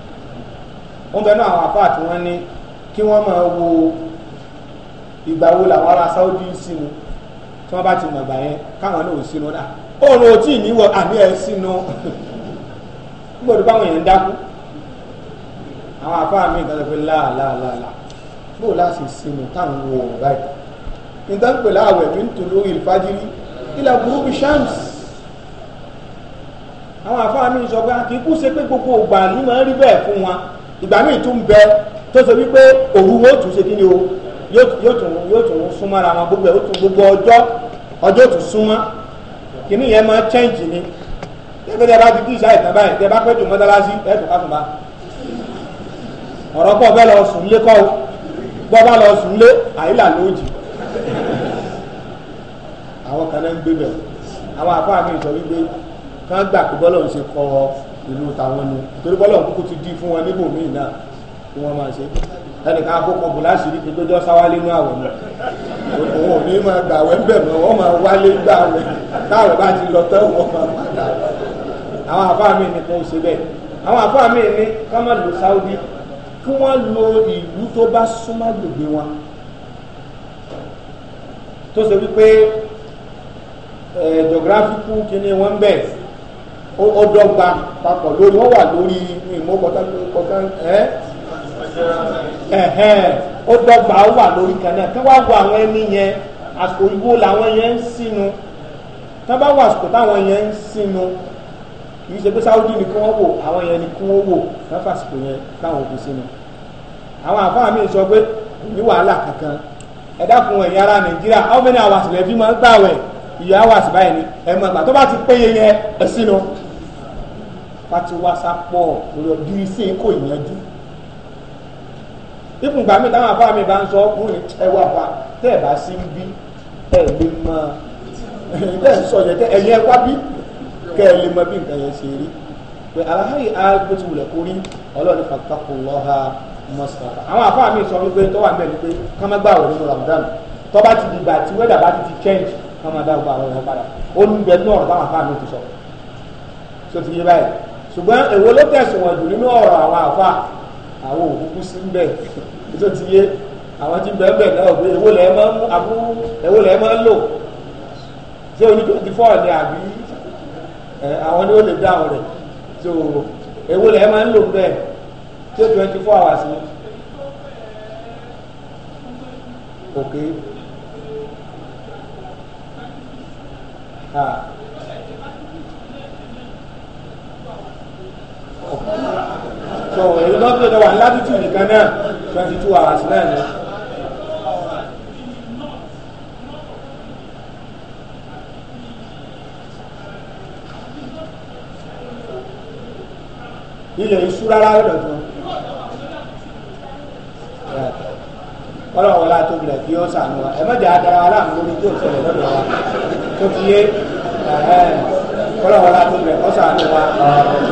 wọ́n bẹ̀rẹ̀ náà àwọn àfáà tí wọ́n ní kí wọ́n máa wo ìgbà làwọn ará Saudi ń sinu tí wọ́n bá ti mọ̀ gbà yẹn káwọn náà ò sinu náà òòrùn ò tí ì níwọ̀ àmì ẹ̀ sinu gbọ́dọ̀ báwọn èèyàn dákú àwọn àfáà mi kan fi láàláàláà bó láti sinu táwọn wo òòrùn báyìí nígbà pè láàwẹ̀ mi ń tò lórí ìfájírí ilà burúkú shams àwọn àfáà mi sọ pé kì í kú ṣe pé gbogbo ògbà ni màá rí bẹ́ẹ̀ fún wa ìgbà míì tún bẹ tó ṣe wípé òru wọn tún ṣe kí ni o yóò tún yóò tún súnmọ́ ara wọn gbogbo ẹ̀ ó tún gbogbo ọjọ́ ọjọ́ ó tún súnmọ́ kìíní yẹn máa change ni tẹ́gbẹ́ tẹ́ bá ti kí ìṣá báyìí tẹ́ bá pẹ́ jù mọ́tálásí ẹ̀ tún ká tún bá ọ̀rọ̀ pọ̀ bẹ́ẹ̀ lọ sùn lé kọ́ o gbọ́ bá lọ sùn lé àyílà lóòjì àwọn kan náà ń gbé bẹ̀ àwọn àfáà mi sọ wípé kí wọ́n gbà pé bọ́lọ̀ ń ìlú tàwọn nu torí bọ́lá òkúkú ti di fún wọn níbò míì náà kí wọ́n máa ṣe ẹnìkan akókò bò láṣìírí pé gbẹjọ́ sáwálé ní àwẹ̀ náà òun ò ní máa gbà wẹ́ bẹ̀ mọ́ wọ́n máa wálé gbà wẹ́ táwẹ̀ bá ti lọ tẹ́ wọ́n máa padà àwọn àfáà mi nìkan ò ṣe bẹ́ẹ̀ àwọn àfáà mi ní ká má lo Saudi kí wọ́n lo ìlú tó bá súnmọ́ gbègbè wọn tó ṣe wípé eh, geographical kí ni wọ́n bẹ̀rẹ̀ ó dọ́gba papọ̀ lórí wọ́n wà lórí ìmọ̀kọ̀tà ẹ̀hẹ́n ó dọ́gba ó wà lórí kanáà náà kí wọ́n á àwọn ẹni yẹn àsìkò igbó làwọn yẹn ń sínú tí wọ́n bá wọ àsìkò táwọn yẹn ń sínú kì ṣe pé sáwọ́dì ni kí wọ́n wò àwọn yẹn ni kí wọ́n wò wọ́n fàsìkò yẹn táwọn òkú sínú àwọn àfáà mi sọ pé ní wàhálà kankan ẹ dákun ẹ̀yin ará nàìjíríà how many hours lẹ́ẹ̀fí máa ń gbàwẹ̀ ìyá hours báyìí ni mọ̀ tó bá ti péye yẹn ẹ̀ sínú. fatiwasa pọ̀ lórí ọdún iṣẹ́ kò yanjú ipò ìgbà mi táwọn afá mi bá ń sọ ọkùnrin ẹwà fa tẹ́ ẹ̀ bá sí ń bí ẹ̀ lè mọ tẹ́ ẹ̀ sọ yẹn tẹ́ ẹ̀yìn ẹ̀ wá bí kẹ́ ẹ̀ lè mọ bí nǹkan yẹn ṣe rí pé aláhàyè àgbò ti wulẹ̀ kórí ọlọ́ọ̀ni fàtàkù lọ́ha mọ́sàkà àwọn afá mi sọ wípé tó wà mẹ́rin pé ká má gbàwọ̀ nínú Ramadan tó bá ti dìgbà tí wẹ́dà bá ti ti change ká má dá gbàwọ̀ rẹ̀ padà ó ń bẹ náà táwọn afá mi ti sọ ṣùgbọ́n èwo ló tẹ̀sùn wọn jù nínú ọ̀rọ̀ àwọn àfa àwọn òkúkú sí ń bẹ̀ tó ti yé àwọn tí ń bẹ̀ ń bẹ̀ náà pé èwo lẹ̀ máa ń abú èwo lẹ̀ máa ń lò ṣé oní twenty four ni àbí àwọn ni ó lè dá àwọn rẹ̀ tó èwo lẹ̀ máa ń lò bẹ́ẹ̀ ṣé twenty four hours ni
òkè.
Ah.
so èyí lọ́dún tó wà ládùúgbò nìkan náà twenty two hours Then ni. ilẹ̀ iṣu rárá lọ́dọ̀ tó ọlọ́wọ́lá tóbi rẹ̀ kí ó sànù wa ẹ̀ mọ́jà adarawa láàmú lórí tó ṣẹlẹ̀ lọ́dọ̀ wa tó fi yé kọ́lọ́wọ́ láti bẹ̀ kọ́ sàánú wa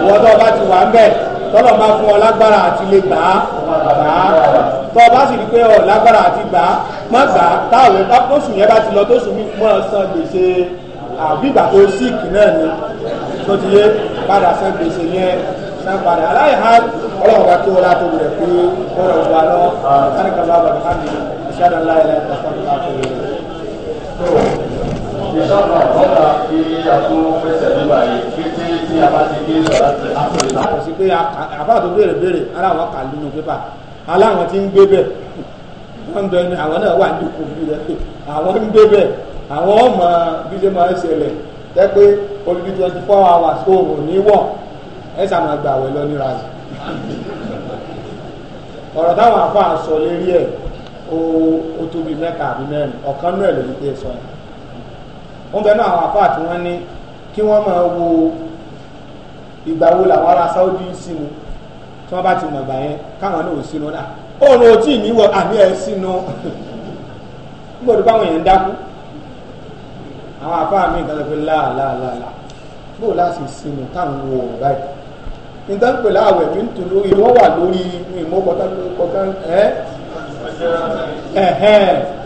ìwọ tó o bá ti wà ń bẹ̀ tọ́lọ̀ máa fún ọ lágbára àti lè gbà á gbà á tọ́ ọ bá sì rí pé ọ lágbára àti gbà á má gbà á táwọn ẹ̀ka tóṣù yẹn bá ti lọ tóṣù mi mọ́ ọ san gbèsè àbígbà tó síìkì náà ni tó ti yé padà san gbèsè yẹn san padà aláìhá ọlọ́run bá kí wọ́n látò rẹ̀ pé ọ̀rọ̀ ìgbà lọ
sáré kan bá bàbá mi ìṣáná láyé láyé pàṣẹ ìṣàkóso àgbọ̀dà kí a tún fẹsẹ̀ nígbà yìí kété tí a bá ti gé ìṣọ̀rọ̀ àti àpòlítà.
kò sí pé àbá tó béèrè béèrè ara àwọn kà nínú pépà aláwọn ti ń gbé bẹ̀ wọ́n ń dọ́ni àwọn náà wà ní ìkòkò rẹ̀ pé àwọn ń gbé bẹ̀ àwọn ọmọ bí ṣe máa ń ṣẹlẹ̀ jẹ́ pé olùdí twenty four hours oòrùn ní wọ̀ ẹ̀ sàmàgbà wẹ̀ lọ níra yìí ọ̀rọ̀ táwọn afọ àṣọ lérí ẹ̀ ó tóbi mẹ́ta àbí mẹ́rin ọ̀kan náà lè ní pé sọ yẹn wọ́n bẹ náà àwọn apá tí wọ́n ní kí wọ́n máa wo ìgbà wo làwọn ará Saudi sínú tí wọ́n bá ti mọ̀ gbà yẹn káwọn náà ò sínú náà òòrùn ò tí ì ní wọ àmì ẹ̀ sínú gbọ́dọ̀ báwọn èèyàn ń dákú àwọn apá mi kan lọ pé láàláàláà bó láti sínú táwọn wo òòrùn báyìí nígbà pé láàwẹ̀ mi ń tò lórí wọ́n wà lórí ìmọ̀kọ̀tàn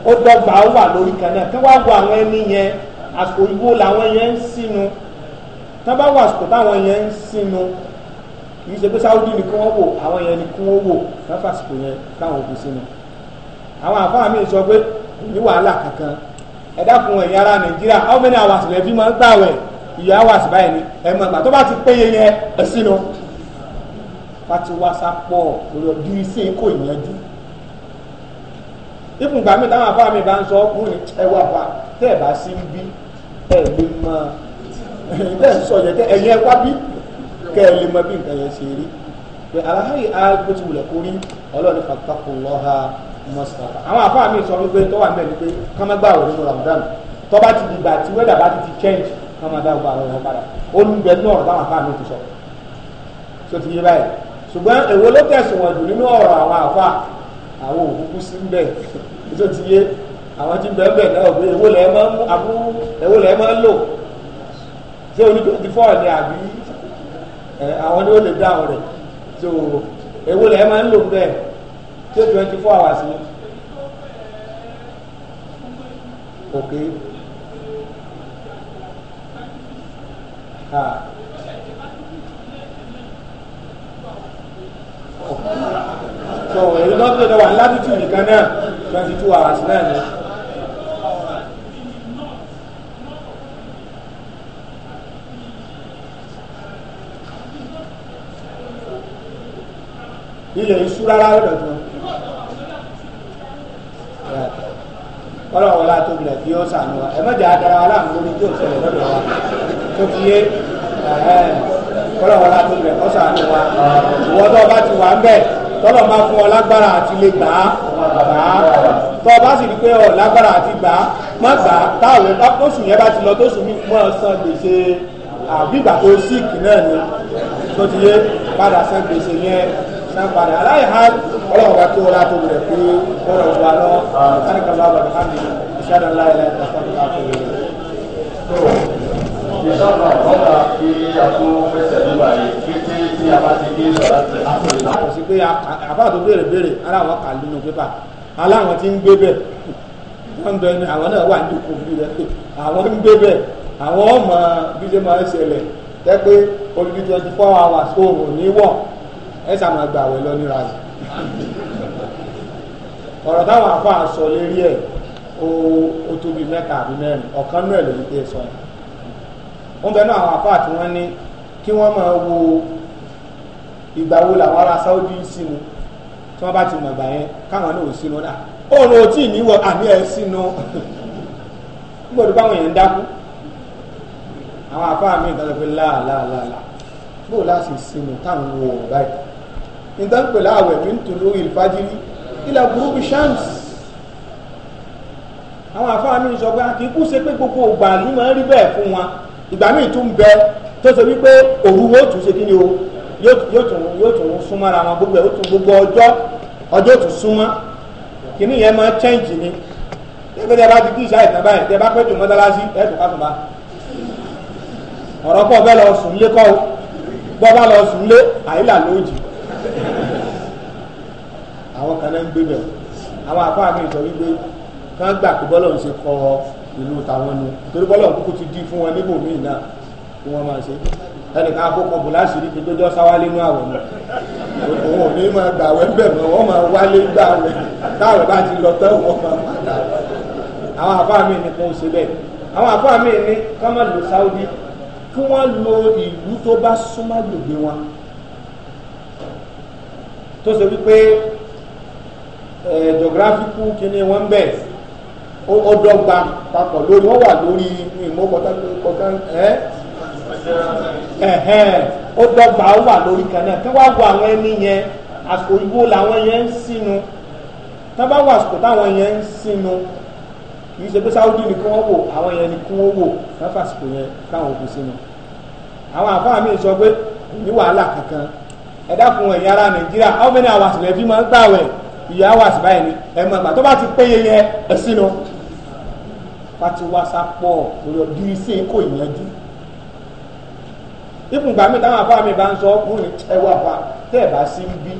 ó dọ́gba wà lórí kan náà kí wọ́n á wo àwọn ẹni yẹn àsìkò ìwó làwọn yẹn ń sínú tán bá wà àsìkò táwọn yẹn ń sínú kì í ṣe pé sáwọ́dì ni kí wọ́n wò àwọn yẹn ni kí wọ́n wò tán fàsìkò yẹn táwọn òkú sínú àwọn àfáà mi sọ pé ní wàhálà kankan ẹ dákun ẹ̀yin ará nàìjíríà how many hours lè fi máa ń gbàwẹ̀ ìyá hours báyìí ni ẹ̀ mọ̀ gbà tó bá ti péye yẹn ẹ̀ sínú fatiwasa pọ̀ lórí ọdún iṣẹ́ kò yanjú ìfúngbà táwọn afáà mi bá ń sọ ọkùnrin ẹwà bá tẹ́ ẹ̀ bá sí ń bí ẹ lè mọ ẹ sọ yẹn tẹ ẹyin ẹ wá bí kẹ ẹ lè mọ bí nǹkan yẹn ṣe rí pé aláhàyè aago ti wulẹ̀ kórí ọlọ́ọ̀ni pàtàkì lọ́ha mọ́sítàfà àwọn àfáà mi sọ wípé tó wà mẹ́rin pé kámẹ́gbà nínú Ramadan tó bá ti dìgbà tí wẹ́dà bá ti ti change kámẹ́gbà wọ̀ àwọn ọmọ padà olùgbẹ́ náà táwọn àfáà mi ti sọ tó ti yé báyìí ṣùgbọ́n èwo ló tẹ̀sùn wọ̀n jù nínú ọ̀rọ̀ àwọn àfáà àwọn òkúkú sí ń bẹ̀ tó ti yé àwọn tí ń bẹ́ẹ̀ bẹ́ẹ̀ náà òbí èwo lẹ́ẹ̀ máa ń mú àbú èwo lẹ́ẹ̀ máa ń lò ṣé oní twenty four ni àbí àwọn ni ó lè dáhùn rẹ̀ so èwo lẹ́ẹ̀ máa ń lò bẹ́ẹ̀ ṣé twenty four hours
ni ok ha.
so èyí lọ́dún tó wà ní latitude
nìkan náà twenty two hours náà ni.
ilẹ̀ ń sú rárá lọ́dọ̀ tó kọ́lọ́wọ́lá tóbi rẹ̀ kí ó sànù wa ẹ mọ̀jà adara wa láàmú lórí tí ò ṣẹlẹ̀ lọ́dọ̀ wa tó fi yé kọ́lọ́wọ́lá tóbi rẹ̀ kọ́ sànù wa ìwọ tó bá ti wà ń bẹ̀ tọ́lọ̀ máa fún ọ lágbára àti lè gbà á gbà á tọ́ ọ bá sì rí pé ọ lágbára àti gbà á má gbà á táwọn tóṣù yẹn bá ti lọ tóṣù mi mọ́ san gbèsè àbí tó síìkì náà ni tó ti yé padà san gbèsè yẹn nafaani alayi kalau nggak wa to wala to wuli ko wala wa ba lọ ani kama ba ka hami isadan la yẹlẹ ka fa ka ko wuli. ìṣàlọ̀ ọ̀gá kí a tó fẹsẹ̀ nígbà yìí kí tí tí a bá ti gé sọ̀rọ̀ àti àkọlẹ̀ náà. àkọsí pé àbá tó béèrè béèrè ara wọn kà nínú pépà aláwọn ti ń gbé bẹ̀ wọ́n ń bẹ ní àwọn náà wà ní twenty four hours kò ní wọ̀ ẹ sàmà gbà wẹ̀ lọ níra yìí ọ̀rọ̀ táwọn afọ àṣọ lérí ẹ̀ ó tóbi mẹ́ta àbí mẹ́rin ọ̀kan náà ló ń pè sọ yìí wọ́n bẹ̀rẹ̀ àwọn afọ àti wọ́n ní kí wọ́n máa wo ìgbà wo làwọn ará Saudi sínú tí wọ́n bá ti mọ̀ gbà yẹn káwọn náà ò sínú dà òòrùn ò tí ì níwọ̀ àmì ẹ̀ sínú gbọ́dọ̀ báwọn èèyàn dákú àwọn afọ àmì ìgbàlódé láàlàlà bóò láti sinmi táwọn wò ó báyìí nígbà pè láàwẹ̀ tó ń tò lórí ìfàjírí ilà burúkú shams àwọn afáàmì sọ pé kì í kú ṣe pé gbogbo ògbà ní máa ń rí bẹ́ẹ̀ fún wa ìgbà míì tún bẹ tó ṣe wípé òru wo tún ṣe kí ni o yóò tún yóò tún súnmọ́ ara wọn gbogbo ẹ̀ ó tún gbogbo ọjọ́ ọjọ́ tún súnmọ́ kìíní yẹn máa change ni ẹgbẹ́ tẹ bá ti kí ìṣá ìtàn báyìí tẹ bá pẹ́ jù mọ́tálásí ẹ̀ tún ká tún bá ọ̀rọ̀ pọ̀ bẹ́ẹ̀ lọ sùn lé kọ́ o gbọ́ bá lọ sùn lé àyílà lóòjì àwọn kan náà ń gbé bẹ̀ àwọn àpá mi ìtọ́ wípé kán gbà pé bọ́lọ̀ ń ṣe kọ ìlú tàwọn nu torí bọ́lọ̀ kúkú ti dí fún wọn níbò míì náà kí wọ́n máa ṣe ẹnìkan àkókò bò láṣìírí pé gbẹjọ́ sáwálé ní àwẹ̀ náà òun ò ní máa gbà wẹ́ bẹ̀ mọ́ wọ́n máa wálé gbà wẹ́ táwọn bá ti lọ tẹ́ wọ́n máa padà àwọn àpá mi ní kò ṣe bẹ́ẹ̀ àwọn àpá mi ní ká má lò Saudi kí wọ́n lo ìlú tó bá súnmọ́ gbègbè wọn tó ṣe wípé geographical kìíní wọn bẹ̀ ó dọ́gba papọ̀ lórí wọ́n wà lórí ìmọ̀kọ́tà ó ó wà lórí kan náà kí wàá wo àwọn ẹni yẹn àsìkò ìbò làwọn yẹn ń sínú tá bá àsìkò táwọn yẹn ń sínú kì í ṣe pé sáwọ́dì wọ́n wò àwọn yẹn ni kí wọ́n wò yẹn káwọn òkú kankan ẹ dákun nàìjíríà ìyá wà sí báyìí ni ẹ̀mọ ìgbà tó bá ti péye yẹn ẹ̀sìn lọ pati wasa pọ̀ lórí ọdún iṣẹ́ kò yanjú ìpùngbà mi táwọn afá mi bá ń sọ ọkùnrin ẹwà bá tẹ́ ẹ̀ bá sí ń bí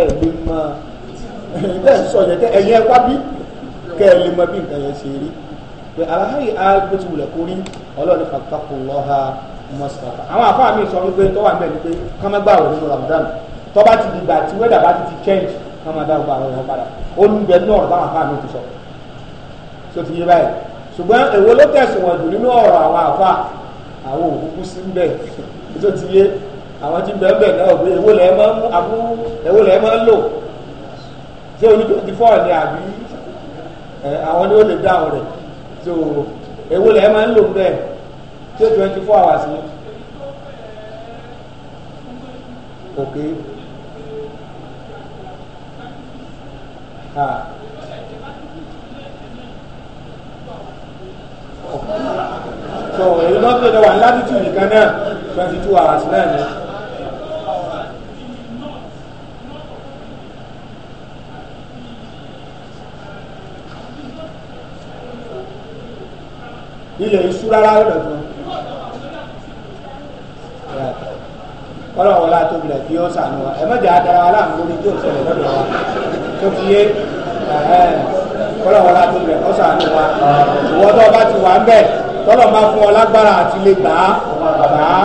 ẹ̀ lè mọ ẹ̀ ń sọ yẹn tẹ́ ẹ̀yẹ wá bí kẹ́ ẹ̀ lè mọ bí nǹkan yẹn ṣe rí pé aláhàyè àgbẹ̀ ti wulẹ̀ kórí ọlọ́ọ̀ni pàtàkì lọ́ha mọ́sàkà àwọn afá mi sọ wípé tọ́wà mẹ́rin pé kọ́mẹ́gbà wẹ̀ nínú Ramadan tọ́ bá ti dìgbà tí wẹ́dà bá ti ti change ká máa dárúkọ àwọn èèyàn padà ó ń bẹ ní ọ̀rọ̀ táwọn afá mi ti sọ so ti yé báyìí ṣùgbọ́n èwo ló tẹ̀sùn wọn jù nínú ọ̀rọ̀ àwọn afá àwọn òkúkú sí ń bẹ so ti yé àwọn tí ń bẹ ń bẹ náà pé èwo lẹ máa ń mú àbú èwo lẹ máa ń lò ṣé oní twenty four ni àbí àwọn ni ó lè so èwo lẹ máa ń lò ń bẹ ṣé twenty four hours ni.
so
èyí lọ́sọ̀ tó wà ní latitude nìkan náà twenty two hours náà ni.
ilẹ̀ iṣu rárá lọ́dọ̀ tó kọ́lọ̀ wọlé àtòbí rẹ̀ kí ó sànú ẹ mọ̀jà adarawa láàmú lórí tí ò ṣẹlẹ̀ lọ́dọ̀ wa tó ti yé kọ́lọ̀wọ́lá tó bẹ̀ kọ́ sàánú wa ìwọ́n tó bá ti wà ń bẹ̀ tọ́lọ̀ máa fún ọ lágbára àti lè gbà á gbà á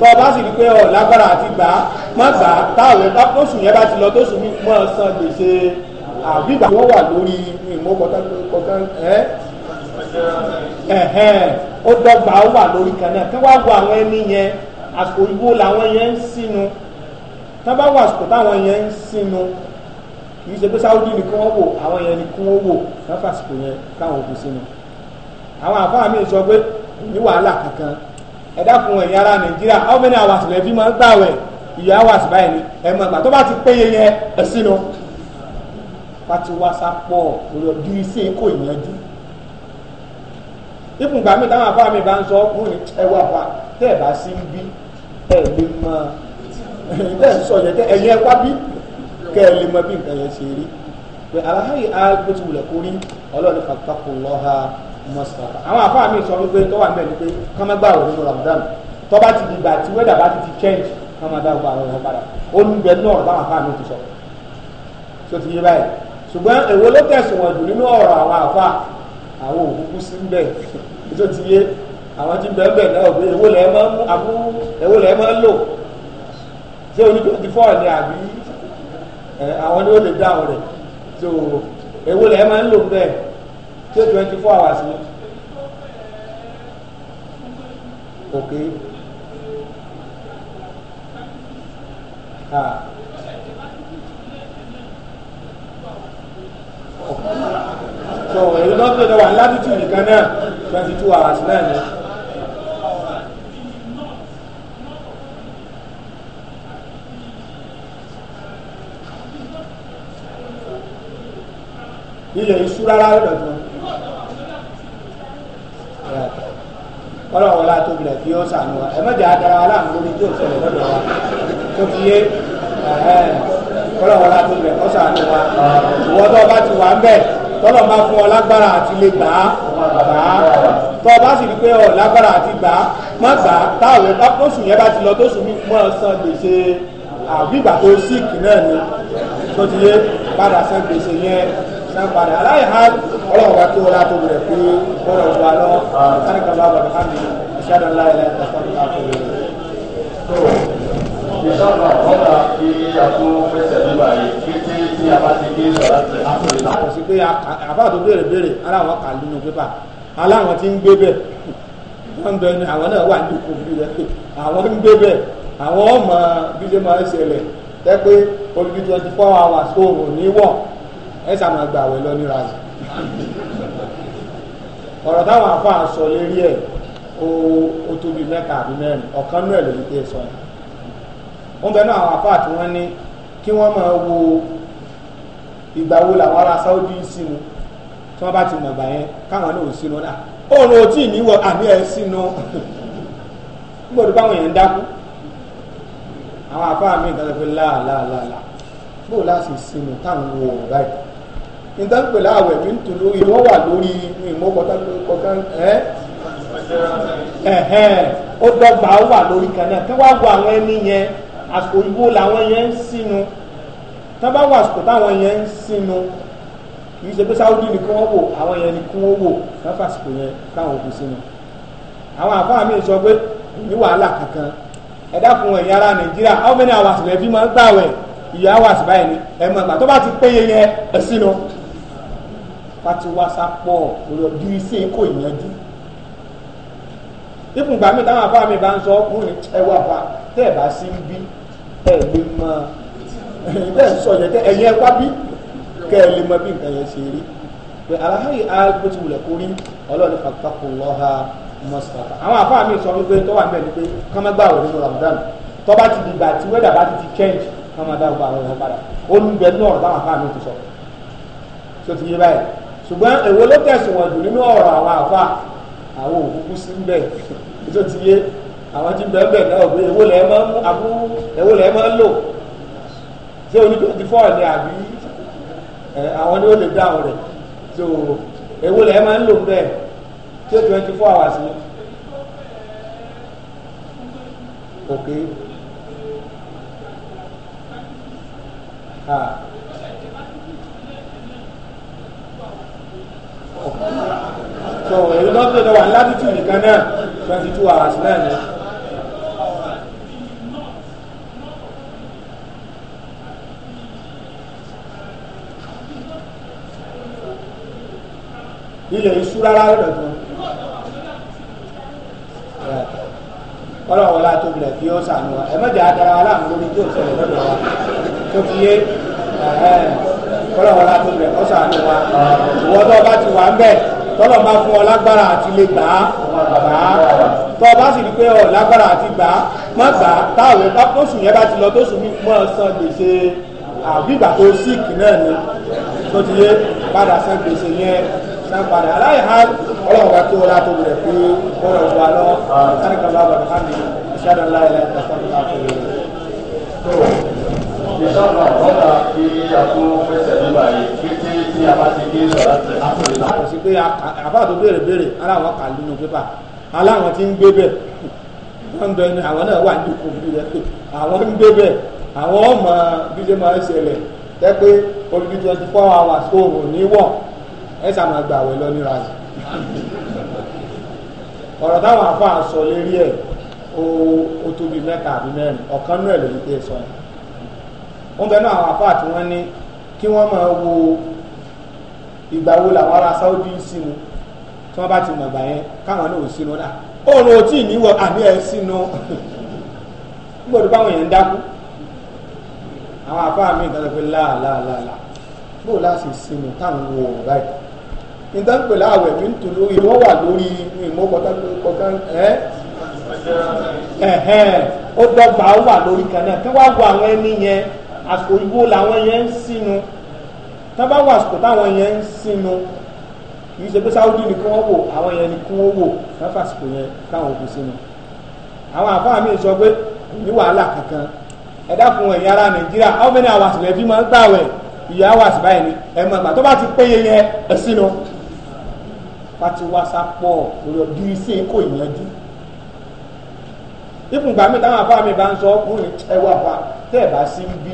tọ́ ọ bá sì rí pé ọ lágbára àti gbà á má gbà á táwọn bá tó sùn yẹn bá ti lọ tó sùn mọ́ ọ san gbèsè àbí ìgbà wọ́n wà lórí ìmọ̀kọ̀tà ó dọ́gba ó wà lórí kan náà kí wọ́n á wo àwọn ẹni yẹn àsìkò ìwó làwọn yẹn ń sínú tí wà àsìkò táwọn yẹn ń sínú kì í ṣe pé sáwọ́dì ni kí wọ́n wò àwọn yẹn ni kí wọ́n wò wọ́n fàsìkò yẹn káwọn òkú sínú àwọn àfáà mi sọ pé ní wàhálà kankan ẹ dákun ẹ̀yin ará nàìjíríà how many hours lẹ́ fi máa ń gbààwẹ̀ ìyá hours báyìí ni ẹ mọ̀ ìgbà tó bá ti péye yẹn ẹ sínú fatiwasa pọ̀ lórí iṣẹ́ kò yanjú ìfúngbà mi táwọn afáàmì bá ń sọ ọkùnrin ẹwà wa tẹ́ ẹ bá sí ń bí ẹ lè mọ ẹ kẹ́ ẹ lè mọ bí nǹkan yẹn ṣe rí pé aláhàyè á bó ti wulẹ̀ kó rí ọlọ́ọ̀ni pàtàkó lọ́ha mọ́sàkà àwọn àfáà mi sọ wípé tó wà ń bẹ̀ ni pé kán má gbààwẹ̀ nínú Ramadan tó bá ti dìgbà tí wẹ́dà bá ti ti change kán má dáhùn àwọn ọ̀rọ̀ padà ó ní bẹ náà ọ̀rọ̀ táwọn àfáà mi ti sọ tó ti yé báyìí ṣùgbọ́n èwo ló tẹ̀sùn wọn jù nínú ọ̀rọ̀ àwọn àfáà àwọn òkúkú sí ń bẹ̀ tó ti yé àwọn tí bẹ́ẹ̀ bẹ́ẹ̀ náà pé èwo lẹ́ẹ̀ máa ń lò ṣé oní twenty four ni àbí àwọn ni ó lè dáhùn rẹ̀ so èwo lẹ̀ máa ń lò bẹ́ẹ̀ tí ó twenty four hours ni
ok ah.
so èyí lọ́pọ̀ ìjọba ńlá tútù nìkan náà twenty two hours náà ni. ilẹ̀ ń sú rárá lọ́dọ̀ tó ọlọ́wọ́lá tóbi rẹ̀ kí ó sànù wa ẹ mọ̀jà adara wa láàmú lórí tí ò ṣẹlẹ̀ lọ́dọ̀ wa tó fi yé ọlọ́wọ́lá tóbi rẹ̀ kó sànù wa ìwọ tó o bá ti wà ń bẹ̀ tọ́lọ̀ máa fún ọ lágbára àti lè gbà á gbà á tọ́ ọ bá sì rí pé ọ lágbára àti gbà á má gbà á táwọn ẹ̀ yẹn bá ti lọ tó sùn mí mọ́ ọ san gbèsè àbí ìgbà tó síìkì náà ni tó ti yé padà san gbèsè yẹn náà padà aláì ha ọlọ́run wa kí wọ́n láti bẹ̀rẹ̀ pé bọ́ọ̀rọ̀ wa lọ sani kan
bá bàbá hàmì ìṣáná láì láì tàbí àti àkọlẹ̀. tó ìṣàmà ọ̀gá kí a tó fẹsẹ̀ nígbà yìí
kí tí tí a bá ti gé sọ̀rọ̀ àti àkọlẹ̀ náà. àkọsí pé àbá tó béèrè béèrè aláwọ̀ kà nínú pépà aláwọ̀ ti ń gbé bẹ̀ wọ́n bẹ ní àwọn náà wà ní òkú bí rẹ pé àwọn ń gbé bẹ̀ àwọn ọmọ bí ṣe máa ń ṣẹlẹ̀ tẹ́ pé olùdíjọ́ ti fọ́ àwọn àṣọ òní wọ̀ ẹ sàmà gbà wẹ̀ lọ ní razi ọ̀rọ̀ táwọn afa sọ lérí ẹ̀ ó tóbi mẹ́ta àbí mẹ́rin ọ̀kan náà ló pé sọ yẹn wọ́n bẹ náà àwọn afa tí wọ́n ní kí wọ́n máa wo ìgbà wo làwọn ará Saudi sínú tí wọ́n bá ti mọ̀ gbà yẹn káwọn náà ò sínú náà ah, òun ò tí ì níwọ̀ àmì ẹ̀ sínú gbọ́dọ̀ báwọn yẹn ń dákú àwọn afa mi ìdájọ́ pé láàláàláà bóò láti sínú táwọn wo ọ̀rọ̀ báyìí ìdánpẹ̀lá àwẹ̀ fi ń tò lórí wọ́n wà lórí ìmọ̀kọ̀tàn ẹ̀hẹ́n ó dọ́gba ó wà lórí kan náà kí wàá wo àwọn ẹni yẹn àsìkò ìwó làwọn yẹn ń sínú tá bá wà àsìkò táwọn yẹn ń sínú kì í ṣe pé sáwọ́dì ni kí wọ́n wò àwọn yẹn ni kí wọ́n wò wọ́n fàsìkò yẹn káwọn òkú sínú àwọn àfáà mi sọ pé ní wàhálà kankan ẹ dákun ẹ̀yin ará nàìjíríà how many hours lẹ́ẹ̀fí máa ń gbàwẹ̀ ìyá hours báyìí ni ẹ̀ mọ̀ gbà tó bá ti péye yẹn ẹ̀ sínú káti wáṣà pọ̀ lórí ọdún iṣẹ́ kò yanjú ipò gbà mí táwọn afáàmì bá ń sọ ọkùnrin ẹ wà bá tẹ́ ẹ bá sí ń bí ẹ lè mọ
ẹ sọ yẹn tẹ ẹ̀yin ẹ wá bí kẹ́
ẹ lè mọ bí nǹkan yẹn ṣe rí pé aláhàyè àgbò ti wulẹ̀ kórí ọlọ́ọ̀ni pàtàkì lọ́ha mọ́sítàkà àwọn afáàmì sọ wípé tó wà mẹ́rin pé kọ́mẹ́gbà wò nínú Ramadan tó bá ti dìgbà tí wẹ́dà bá ti ti change kọ́mẹ́gbà wò padà ó ń bẹ náà ṣùgbọ́n èwo ló tẹ̀sùnwọ̀n jù nínú ọ̀rọ̀ àwọn àfa àwọn òkúkú sí ń bẹ̀ tó ti yé àwọn tí ń bẹ̀ ń bẹ̀ náà pé èwo lẹ̀ máa ń abú èwo lẹ̀ máa ń lò ṣé oní twenty four ni àbí àwọn ni ó lè dáhùn rẹ̀ so èwo lẹ̀ máa ń lò ń ṣé twenty four hours ni
ok. Ah.
so èyí lọ́dún tó wà ní latitude nìkan
náà twenty two hours náà ni.
ilẹ̀ iṣu rárá lọ́dọ̀ tó ọlọ́wọ́ la tóbi rẹ̀ kí ó sànù ẹ mọ̀jà adarawa láàmú lórí tí ò ṣẹlẹ̀ lọ́dọ̀ wa tó fi yé ẹ̀ẹ́ kọ́lọ̀ la láti bẹ̀ kọ́ sàánú wa ìwọ tó bá ti wà ń bẹ̀ tọ́lọ̀ bá fún ọ lágbára àti lè gbà á gbà á tọ́ ọ bá sì rí pé ọ lágbára àti gbà á má gbà á táwọn bá tóṣù yẹn bá ti lọ tóṣù mi mọ́ ọ san gbèsè àbígbà tó síìkì náà ni tó ti yé padà san gbèsè yẹn san padà aláìhá ọlọ́run bá tó ọlá tó bẹ̀rẹ̀ pé kọ́lọ̀ wà lọ sáré kan bá bàbá hàn mí ìṣáàdàn láìláì
ìṣàlá ọ̀gọ́ta kí a tún fẹsẹ̀ nígbà yìí kí tí tí a bá ti gbé sọ̀rọ̀ tẹ̀. àtúntò
àti sí pé àbá tó béèrè béèrè aláwọ̀ kà nínú pépà aláwọ̀ ti ń gbé bẹ̀ wọ́n ń bẹ ní àwọn náà wà ní òkú rẹ̀ pé àwọn ń gbé bẹ̀ àwọn ọmọ bí ṣe máa ń ṣẹlẹ̀ tẹ́ pé olùdí twenty four hours oòrùn ní wọ̀ ẹ sàmà gbà wẹ̀ lọ níra yìí ọ̀rọ̀ táwọn àfa àsọ lérí ẹ̀ ó tóbi mẹ́ta àbí mẹ́rin ọ̀kan náà lè ní pé sọ yìí wọ́n bẹ̀rẹ̀ náà àwọn àfáà tí wọ́n ní kí wọ́n máa wo ìgbà wo làwọn ará Saudi ń sínú tí wọ́n bá ti mọ̀ gbà yẹn káwọn náà ò sínú náà òòrùn ò tí ì níwọ̀ àmì ẹ̀ sínú gbọ́dọ̀ báwọn èèyàn ń dákú àwọn àfáà mi kan sọ pé láàláàláà bó láti sinmi táwọn wo ọ̀rọ̀ báyìí nígbà pé láàwẹ̀ mi ń tò lórí wà lórí ìmọ̀kọ̀tàn ẹ̀hẹ́n ó dọ́gba wà lórí kan náà kí wọ́n á wo àwọn ẹni yẹn àsìkò ìbò làwọn yẹn ń sínú tán bá wà àsìkò táwọn yẹn ń sínú kì í ṣe pé sáwùdí ni kí wọ́n wò àwọn yẹn ni kí wọ́n wò tán fàsìkò yẹn káwọn òkú sínú àwọn àfáà mi sọ pé kò ní wàhálà kankan ẹ dákun ẹ̀yin ará nàìjíríà how many hours lè fi máa ń gbàwẹ̀ ìyá hours báyìí ni ẹ̀ mọ̀ àgbà tó bá ti péye yẹn ẹ̀ sínú fatiwasa pọ̀ lórí ọdún iṣẹ́ kò yanjú ìfúngbà mi táwọn afá mi bá ń sọ ọkùnrin ẹwà afá tẹ́ ẹ̀ bá sí ń bí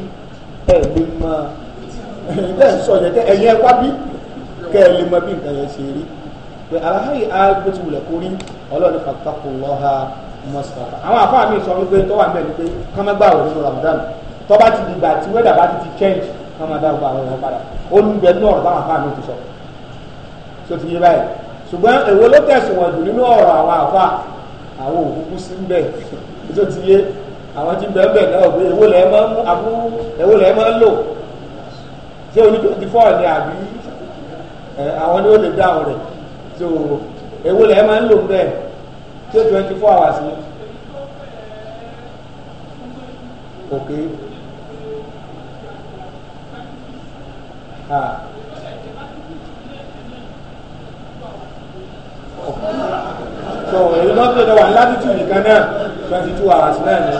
ẹ̀ lè mọ tẹ́ ẹ̀ sọ yẹn tẹ́ ẹ̀yẹ wá bí kẹ́ ẹ̀ lè mọ bí nǹkan yẹn ṣe rí pé aláhàyè agbóti wulẹ̀ kó rí ọlọ́ọ̀ni fàtàkùn lọ́ha mọ́sàkà àwọn afá mi sọ wípé tọ́wà ń bẹ̀ ni pé kọ́mẹ́gbà wọ̀ nínú Ramadan tọ́ba ti dìgbà tí wẹ́dà bá ti ti change kọ́mẹ́gbà wọ̀ àwọn ọ̀rọ̀ padà olùgbẹ́ náà ọ̀rọ̀ táwọn afá mi ti sọ tó ti yé àwọn tí bẹ́ẹ̀ bẹ́ẹ̀ náà wọ́n èwo lẹ́ẹ̀ máa ń mú àbú èwo lẹ́ẹ̀ máa ń lò ṣé oní twenty four ni àbí àwọn ni ó lè dáhùn rẹ̀ tó èwo lẹ́ẹ̀ máa ń lò bẹ́ẹ̀ ṣé twenty four hours ni
ok ah
so èyí tó ń tẹ̀lé wà ní latitude nìkan náà twenty two hours náà ni.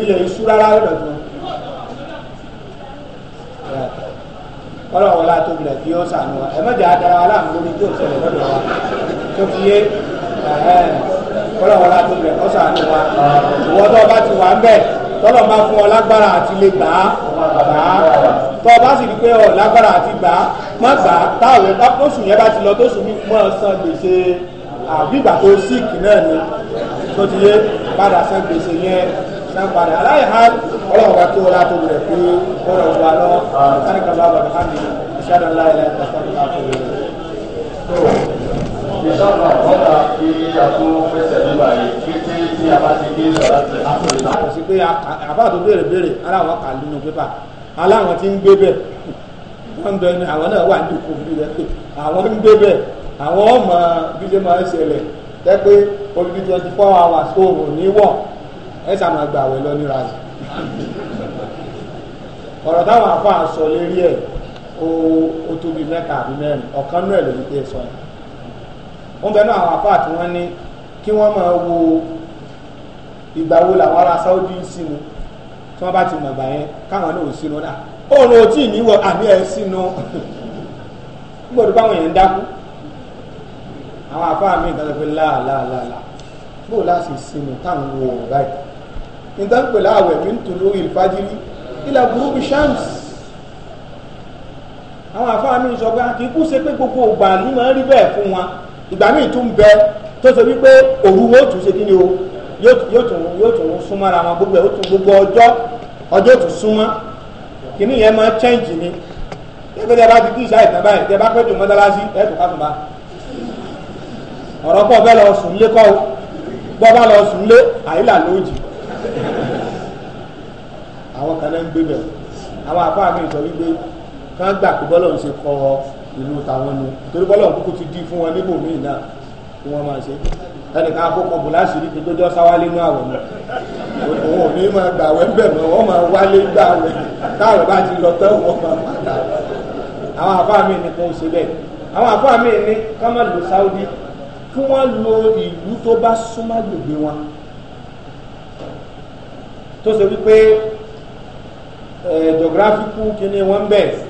ilẹ̀ iṣu rárá lọ́dọ̀ tó kọ́lọ́wọ́lá tóbi rẹ̀ kí ó sànù wa ẹ mọ̀jẹ̀ adara wa láàmú lórí tó ṣẹlẹ̀ lọ́dọ̀ wa tó fi yé kọ́lọ́wọ́lá tóbi rẹ̀ kó sànù wa ìwọ́dọ̀ bá ti wà ń bẹ̀ tọ́lọ̀ máa fún ọ lágbára àti lè gbà á gbà á tọ́ bá sì rí pé ọ lágbára àti gbà á má gbà á táwọn oṣù yẹn bá ti lọ tó sùn mí mọ́ san gbèsè àbígbà tó síìkì náà ni tó ti yé padà san gbèsè yẹn san padà aláì ha ọlọ́run wa kí wọ́n látò rẹ̀ pé ọ̀rọ̀ wa lọ sani kan bá wà ní hàmì ìṣàdánláìláì
pàṣẹ àkọọ́lẹ̀ kí kíkà
tó fẹsẹ̀ nígbà yìí kété tí a bá ti gbé sọ̀rọ̀ láti àpòlítà. a kò sí pé àbá tó béèrè béèrè aláwọ̀ kà nínú pépà aláwọ̀ ti ń gbé bẹ̀ wọ́n ń bẹ ní àwọn náà wà ní ìkó fún ilẹ̀ pé àwọn ń gbé bẹ̀ àwọn ọmọ bí ṣe máa ń ṣẹlẹ̀ jẹ́ pé olùdí twenty four hours oòrùn ní wọ̀ ẹ̀ sàmà gbà wẹ̀ lọ níra sí ọ̀rọ̀ táwọn àfa àsọ lérí ẹ̀ ó tóbi mẹ́ta àbí mẹ́rin ọ̀kan náà ló ní pé sọ yẹn wọ́n bẹ̀rẹ̀ àwọn àfáà tí wọ́n ní kí wọ́n máa wo ìgbà wo làwọn ará Saudi sínú tí wọ́n bá ti mọ̀ gbà yẹn káwọn náà ò sínú náà òun ò tí ì níwọ̀ àmì ẹ̀ sínú gbọ́dọ̀ báwọn yẹn ń dákú àwọn àfáà mi ìdájọ́ pé láàláàláà bóò láti sínú táwọn wo ọ̀rọ̀ báyìí nǹkan pè láàwẹ̀ mi ń tò lórí ìfájírí ìlà burúkú shams àwọn àfáà mi sọ pé àkíkú ṣe pé gbogbo ògbà ní máa rí bẹ́ẹ̀ fún wa ìgbà míì tún bẹ tó ṣe wípé òru wo tún ṣe kí ni o yóò tún yóò tún súnmọ́ ara wọn gbogbo ẹ̀ ó tún gbogbo ọjọ́ ọjọ́ tún súnmọ́ kìíní yẹn máa chẹ́ǹjì ni ẹgbẹ́ tẹ bá ti kí ìṣá ìtàn báyìí tẹ bá pẹ́ tó mọ́tálásí ẹ̀ tó káfùnbá ọ̀rọ̀ pọ̀ bẹ́ẹ̀ lọ sùn lé kọ́ o bọ́ bá lọ sùn lé àyílà lójì àwọn kan náà ń gbé bẹ̀rù àwọn àfáà mi sọ wípé kán gbà pé bọ́lọ̀ ń ṣe kọ́ ọ ìlú tàwọn ni torí bọ́lá òkúkú ti dín fún wọn níbò míì náà kí wọ́n máa ṣe ẹnìkan àkókò bùláṣì ní kí gbẹjọ́ sáwálé ní àwẹ̀ náà òun ò ní máa gbà wẹ́ bẹ̀ mọ́ wọ́n máa wálé gbà wẹ́ táwọn bá ti lọ tán wọ́n máa padà àwọn àfáà mi nìkan ò ṣe bẹ́ẹ̀ àwọn àfáà mi ní ká má lò Saudi kí wọ́n lo ìlú tó bá súnmọ́ gbègbè wọn tó ṣe wípé eh, geographical kí ni wọ́n bẹ̀rẹ̀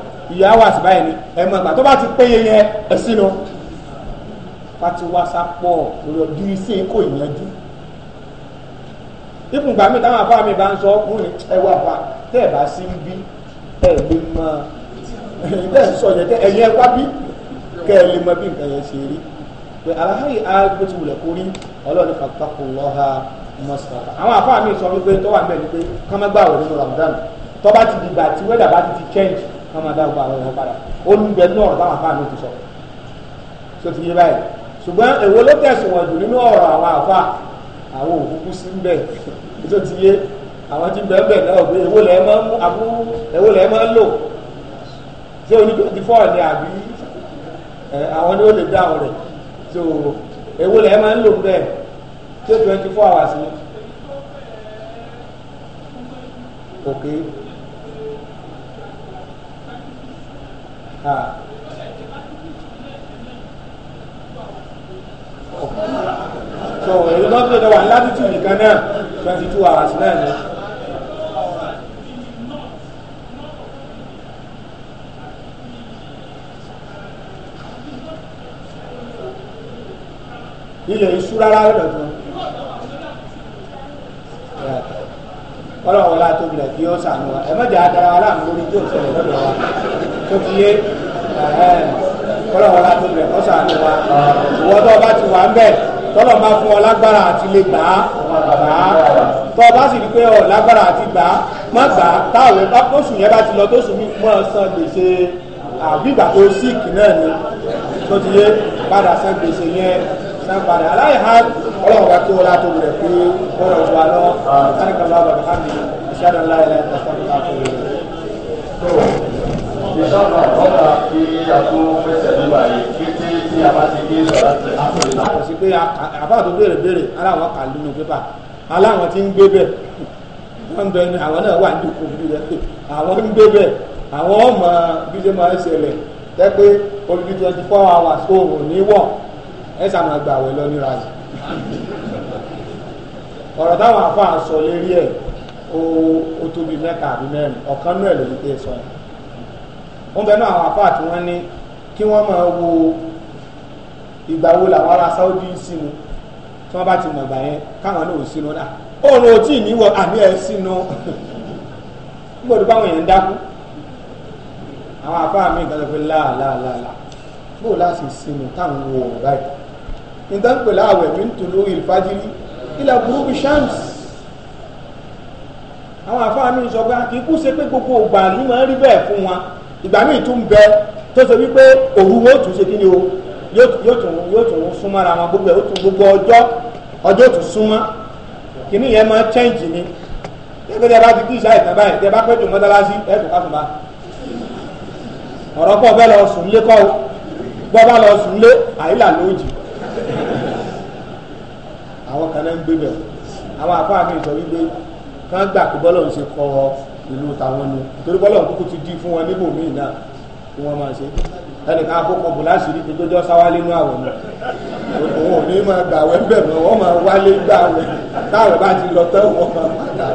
iye hours báyìí ni ẹ mọ ìgbà tó bá ti péye yẹn ẹ sínú pati wasa pọ̀ lọ́dún iṣẹ́ kò yanjú ìfúngbà mi táwọn afá mi bá ń sọ ọkùnrin ẹ wà fà tẹ ẹ bá sí bí ẹ lè mọ tẹ ẹ sọ yẹn tẹ ẹyin ẹ wá bí kẹ ẹ lè mọ bí nǹkan yẹn ṣe rí pé aláhàyè àgbẹ̀ ti wulẹ̀ kórí ọlọ́ọ̀ni fàtàkùn lọ́ha mọ́sàkà àwọn afá mi sọ wípé tọ́wọ́ àmì ẹ̀ ni pé ká má gbà wọ̀ nínú Ramadan tọ́ba ti dìgbà tí wẹ́dà bá ti ti change wọn máa dárúkọ àwọn èèyàn padà olùgbẹ ní ọ̀rọ̀ táwọn afáà ti sọ so ti yé báyìí ṣùgbọ́n èwo ló tẹ̀sùn wọn jù nínú ọ̀rọ̀ àwọn afáà àwọn òkúkú sí bẹ so ti yé àwọn tí bẹ́ẹ̀ bẹ́ẹ̀ náà gbé èwo lẹ́ẹ̀ máa ń mú abú èwo lẹ́ẹ̀ máa ń lò ṣé oní twenty four ni àbí àwọn ni ó lè dáhùn rẹ̀ so èwo lẹ́ẹ̀ máa ń lò bẹ́ẹ̀ ṣé twenty four hours ni.
okay. so
èyí tó tó wà ní latitude nìkan náà twenty two hours náà ni. ilẹ̀ iṣu rárá lọ́dọ̀ tó ọlọ́run wọlé àtòbí rẹ̀ kí ó sànù wa ẹ̀ mọ̀jà adarawa láàmú lórí tí ò sọ̀rọ̀ lọ́dọ̀ wa tó ti yé kọ́lọ́wọ́ látó bẹ̀ kọ́ sàánú wa ìwọ tó o bá ti wà ń bẹ̀ tọ́lọ̀ máa fún ọ lágbára àti lè gbà á gbà á tọ́ ọ bá sì rí pé ọ lágbára àti gbà á má gbà á táwọn bá tóṣù yẹn bá ti lọ tóṣù mi mọ́ ọ san gbèsè àbígbà tó síìkì náà ni tó ti yé padà san gbèsè yẹn san padà aláìhá ọlọ́run wa tó o látó bẹ̀ pé kọ́lọ̀ wa lọ sani
kan bá bàbá mi ìṣẹ́ àdánláyé láti ọ̀sán ìlà tó o lè ìṣàmà bọ́lá kí a tó fẹsẹ̀ nígbà yìí kí tí a bá ti gbé sọ̀rọ̀ àti àpòlì náà.
àti pé àbá tó béèrè béèrè aláwọ̀ kà nínú pépà aláwọ̀ ti ń gbé bẹ̀ wọ́n bẹ ní àwọn náà wà ní òkú bí rẹ̀ pé àwọn ń gbé bẹ̀ àwọn ọmọ bí ṣe máa ń ṣẹlẹ̀ tẹ́ pé olùdí twenty four hours oòrùn ní wọ̀ ẹ̀ sàmà gbà wẹ̀ lọ níra yìí ọ̀rọ̀ táwọn àfa àsọ lérí ẹ̀ ó tóbi mẹ́ta àbí mẹ́rin ọ̀kan náà ló ń pè sọ yìí wọ́n bẹ̀rẹ̀ àwọn àfáà tí wọ́n ní kí wọ́n máa wo ìgbà wo làwọn ará Saudi sínú tí wọ́n bá ti mọ̀ gbà yẹn káwọn náà ò sínú náà òòrùn ò tí ì níwọ̀ àmì ẹ̀ sínú gbọ́dọ̀ báwọn èèyàn ń dákú àwọn àfáà mi ìgbàlọ́ pé láàláàláà bóò láti sínú táwọn wo ọ̀rọ̀ báyìí nǹkan pè láàwẹ̀ mi ń tò lórí ìfájírí ilà burúkú shams àwọn àfáà mi sọ pé àkíkú ṣe pé gbogbo ògbà ní máa rí bẹ́ẹ̀ fún wa ìgbà míì tún bẹ tó ṣe wípé òru wọn ó tún ṣe kí ni o yóò tún yóò tún súnmọ́ ara wọn gbogbo ẹ̀ ó tún gbogbo ọjọ́ ọjọ́ tún súnmọ́ kìíní yẹn máa chẹ́ǹjì ni gẹ́gẹ́ bí a bá ti kí ìṣá ìtàn báyìí tí a bá pẹ́ jù mọ́tálásí ẹ̀ tó ká fún wa ọ̀rọ̀ pọ̀ bẹ́ẹ̀ lọ sùn lé kọ́ o gbọ́ bá lọ sùn lé àyílà lójì àwọn kan náà ń gbé bẹ̀rù àwọn àfáà mi sọ wípé kán gbà pé bọ́lọ̀ ń ṣe kọ́ ọ ìlú tàwọn ni torí bọ́lọ̀ kúkú ti di fún wọn níbò míì náà kí wọ́n máa ṣe ẹnìkan akókò bò láṣìírí pé jọjọ sáwálé nú àwọ̀ náà òun ò ní máa gbà wẹ́ bẹ̀ mọ́ wọ́n máa wálé gbà wẹ́ táwọn bá ti lọ tán wọ́n máa padà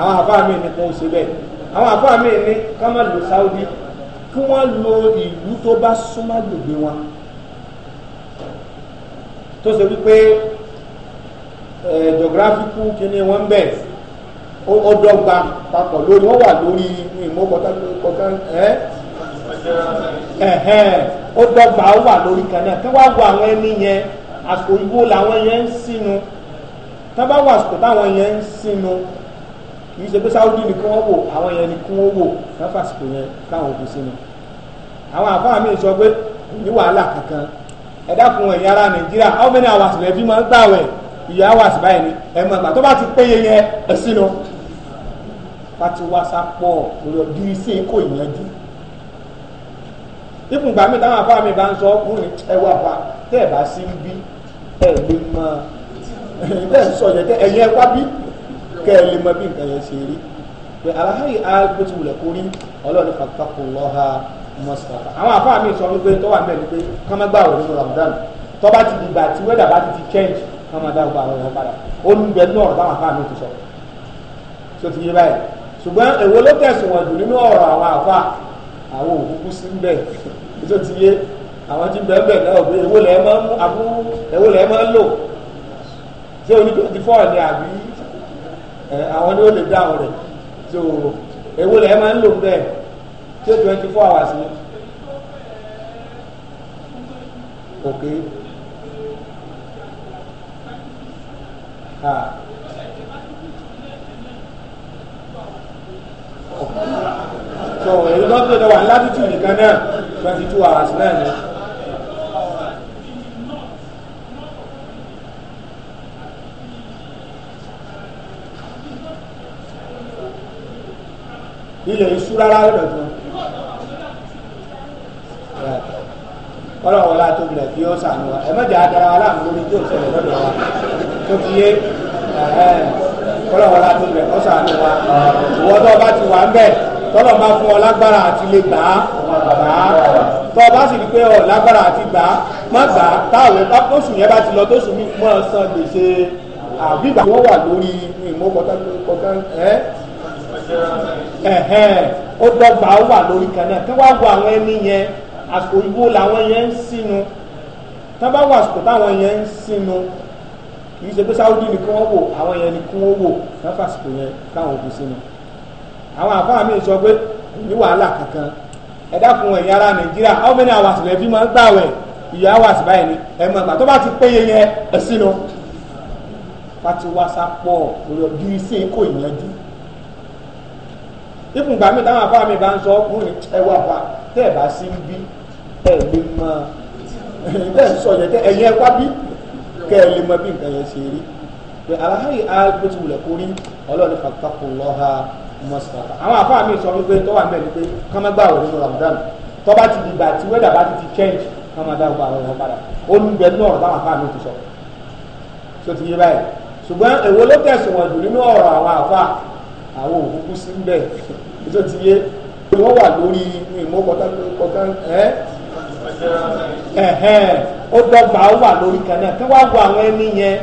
àwọn àfáà mi ni kò ṣe bẹ́ẹ̀ àwọn àfáà mi ni ká má lò Saudi kí wọ́n lo ìlú tó bá súnmọ́ gbègbè wọn tó ṣe wípé eh, geographical kí ni wọ́n bẹ̀ ó dọ́gba papọ̀ lórí wọ́n wà lórí ìmọ̀kọ̀tàn ó dọ́gba ó wà lórí kan náà kí wá wo àwọn ẹni yẹn àsìkò ìwó làwọn yẹn ń sínú tí wọ́n bá wà àsìkò táwọn yẹn ń sínú kì í ṣe pé sáwọ́dì ni kí wọ́n wò àwọn yẹn ni kí wọ́n wò wọ́n fàsìkò yẹn káwọn òbí sínú àwọn àfáà mi sọ pé kò ní wàhálà kankan ẹ dákun ẹ̀yin ará nàìjíríà how many hours lẹ́ẹ̀fí máa ń gbàwẹ̀ ìyá hours báyìí ni ẹ̀ mọ̀ ìgbà tó bá ti péye yẹn ẹ̀ sínú káti wáṣà pọ̀ lórí ọdún iṣẹ́ kò yanjú ipò gbàmí táwọn afá mi bá ń sọ ọkùnrin ẹ wà bá tẹ́ ẹ bá sí ń bí ẹ lè mọ
ẹ sọ yẹn tẹ ẹ̀yin ẹ wá bí kẹ́ ẹ lè
mọ bí nǹkan yẹn ṣe rí pé aláhàyè agbóti wulẹ̀ kó rí ọlọ́ọ̀ni pàtàkì lọ́ha mọ́sàkà àwọn afá mi sọ wípé tó wà mẹ́rin pé kọ́mẹ́gbà wò nínú Ramadan tó bá ti dìgbà tí wẹ́dà bá ti ti change kọ́mẹ́gbà wò àwọn ọ̀rọ̀ padà ó ń bẹ náà táwọn afá mi ti sọ tó ti yé báyìí ṣùgbọ́n èwo ló tẹ̀sùn wọ̀jù nínú ọ̀rọ̀ àwọn àfa àwọn òkúkú sí bẹ̀ tó ti yé àwọn tí bẹ́ẹ̀ bẹ́ẹ̀ náà pé èwo lẹ́ẹ̀ máa ń mú àbú èwo lẹ́ẹ̀ máa ń lò ṣé oní twenty four ni àbí àwọn ni ó lè dáhùn rẹ̀ so èwo lẹ́ẹ̀ máa ń lò bẹ́ẹ̀ ṣé twenty four hours ni ok.
Ah. so èyí lọ́dún lọ́wọ́ alátútù nìkan náà twenty two hours náà ni.
ilẹ̀ iṣu rárá lọ́dọ̀ tó ọlọ́wọ́ la tóbi rẹ̀ kí ó sànù ẹ̀ mọ̀jà adarawa láàmú lórí tí ò ṣẹlẹ̀ lọ́dọ̀ wa tó ti yé ẹ̀ẹ́ kọ́lọ́wọ́ láti bẹ̀ kọ́ sàánú wa ìwọ tó bá ti wà ń bẹ̀ tọ́lọ̀ máa fún ọ lágbára àti lè gbà á gbà á tọ́ ọ bá sì rí pé ọ lágbára àti gbà á má gbà á táwọn tóṣù yẹn bá ti lọ tóṣù mi mọ́ san gbèsè àbí ìgbà wọ́n wà lórí ìmọ̀kọ̀tà ẹ̀ ẹ̀hẹ́n ó dọ́gba ó wà lórí kan náà kí wọ́n á àwọn ẹni yẹn àsìkò ìbò làwọn yẹn ń sínú tí wọ àsìkò táwọn yẹn ń sínú kì í ṣe pé sáwọ́dì ni kí wọ́n wò àwọn yẹn ni kí wọ́n wò láfàsìkò yẹn káwọn òkú sínú àwọn àfáà mi sọ pé ní wàhálà kankan ẹ dákun ẹ̀yin ará nàìjíríà how many hours lẹ́ẹ̀fí máa ń gbààwẹ̀ ìyá hours báyìí ni ẹ mọ̀ gbà tó bá ti péye yẹn ẹ sínú fatiwasa pọ̀ lórí ọdún iṣẹ́ kò yanjú ìfúngbà mi táwọn afáà mi bá ń sọ ọkùnrin ẹwà wa tẹ́ ẹ bá sí bí ẹ lè mọ ẹ sọ yẹn tẹ ẹ̀yin ẹ wá bí kẹ́ ẹ lè mọ bí nǹkan yẹn ṣe rí pé aláhàyè àgbótí wulẹ̀ kórí ọlọ́ọ̀ni fàtàkùnlọ́ha mọ́sàkà àwọn àfáà mi sọ wípé tọ́wà ń bẹ̀ ni pé kán má gbààwẹ̀ nínú Ramadan tó bá ti dìgbà tí wẹ́dà bá ti ti change kán má dáhùn àwọn ọ̀rọ̀ padà ó ń bẹ nínú ọ̀rọ̀ táwọn àfáà mi ti sọ tó ti yé báyìí ṣùgbọ́n èwo ló tẹ̀sùn wọn jù nínú ọ̀rọ̀ àwọn àfáà àwọn òkúkú sí ń bẹ̀ tó ti yé wọ́n wà lórí ó dọ́gba ó wà lórí kan kí wàá wo àwọn ẹni yẹn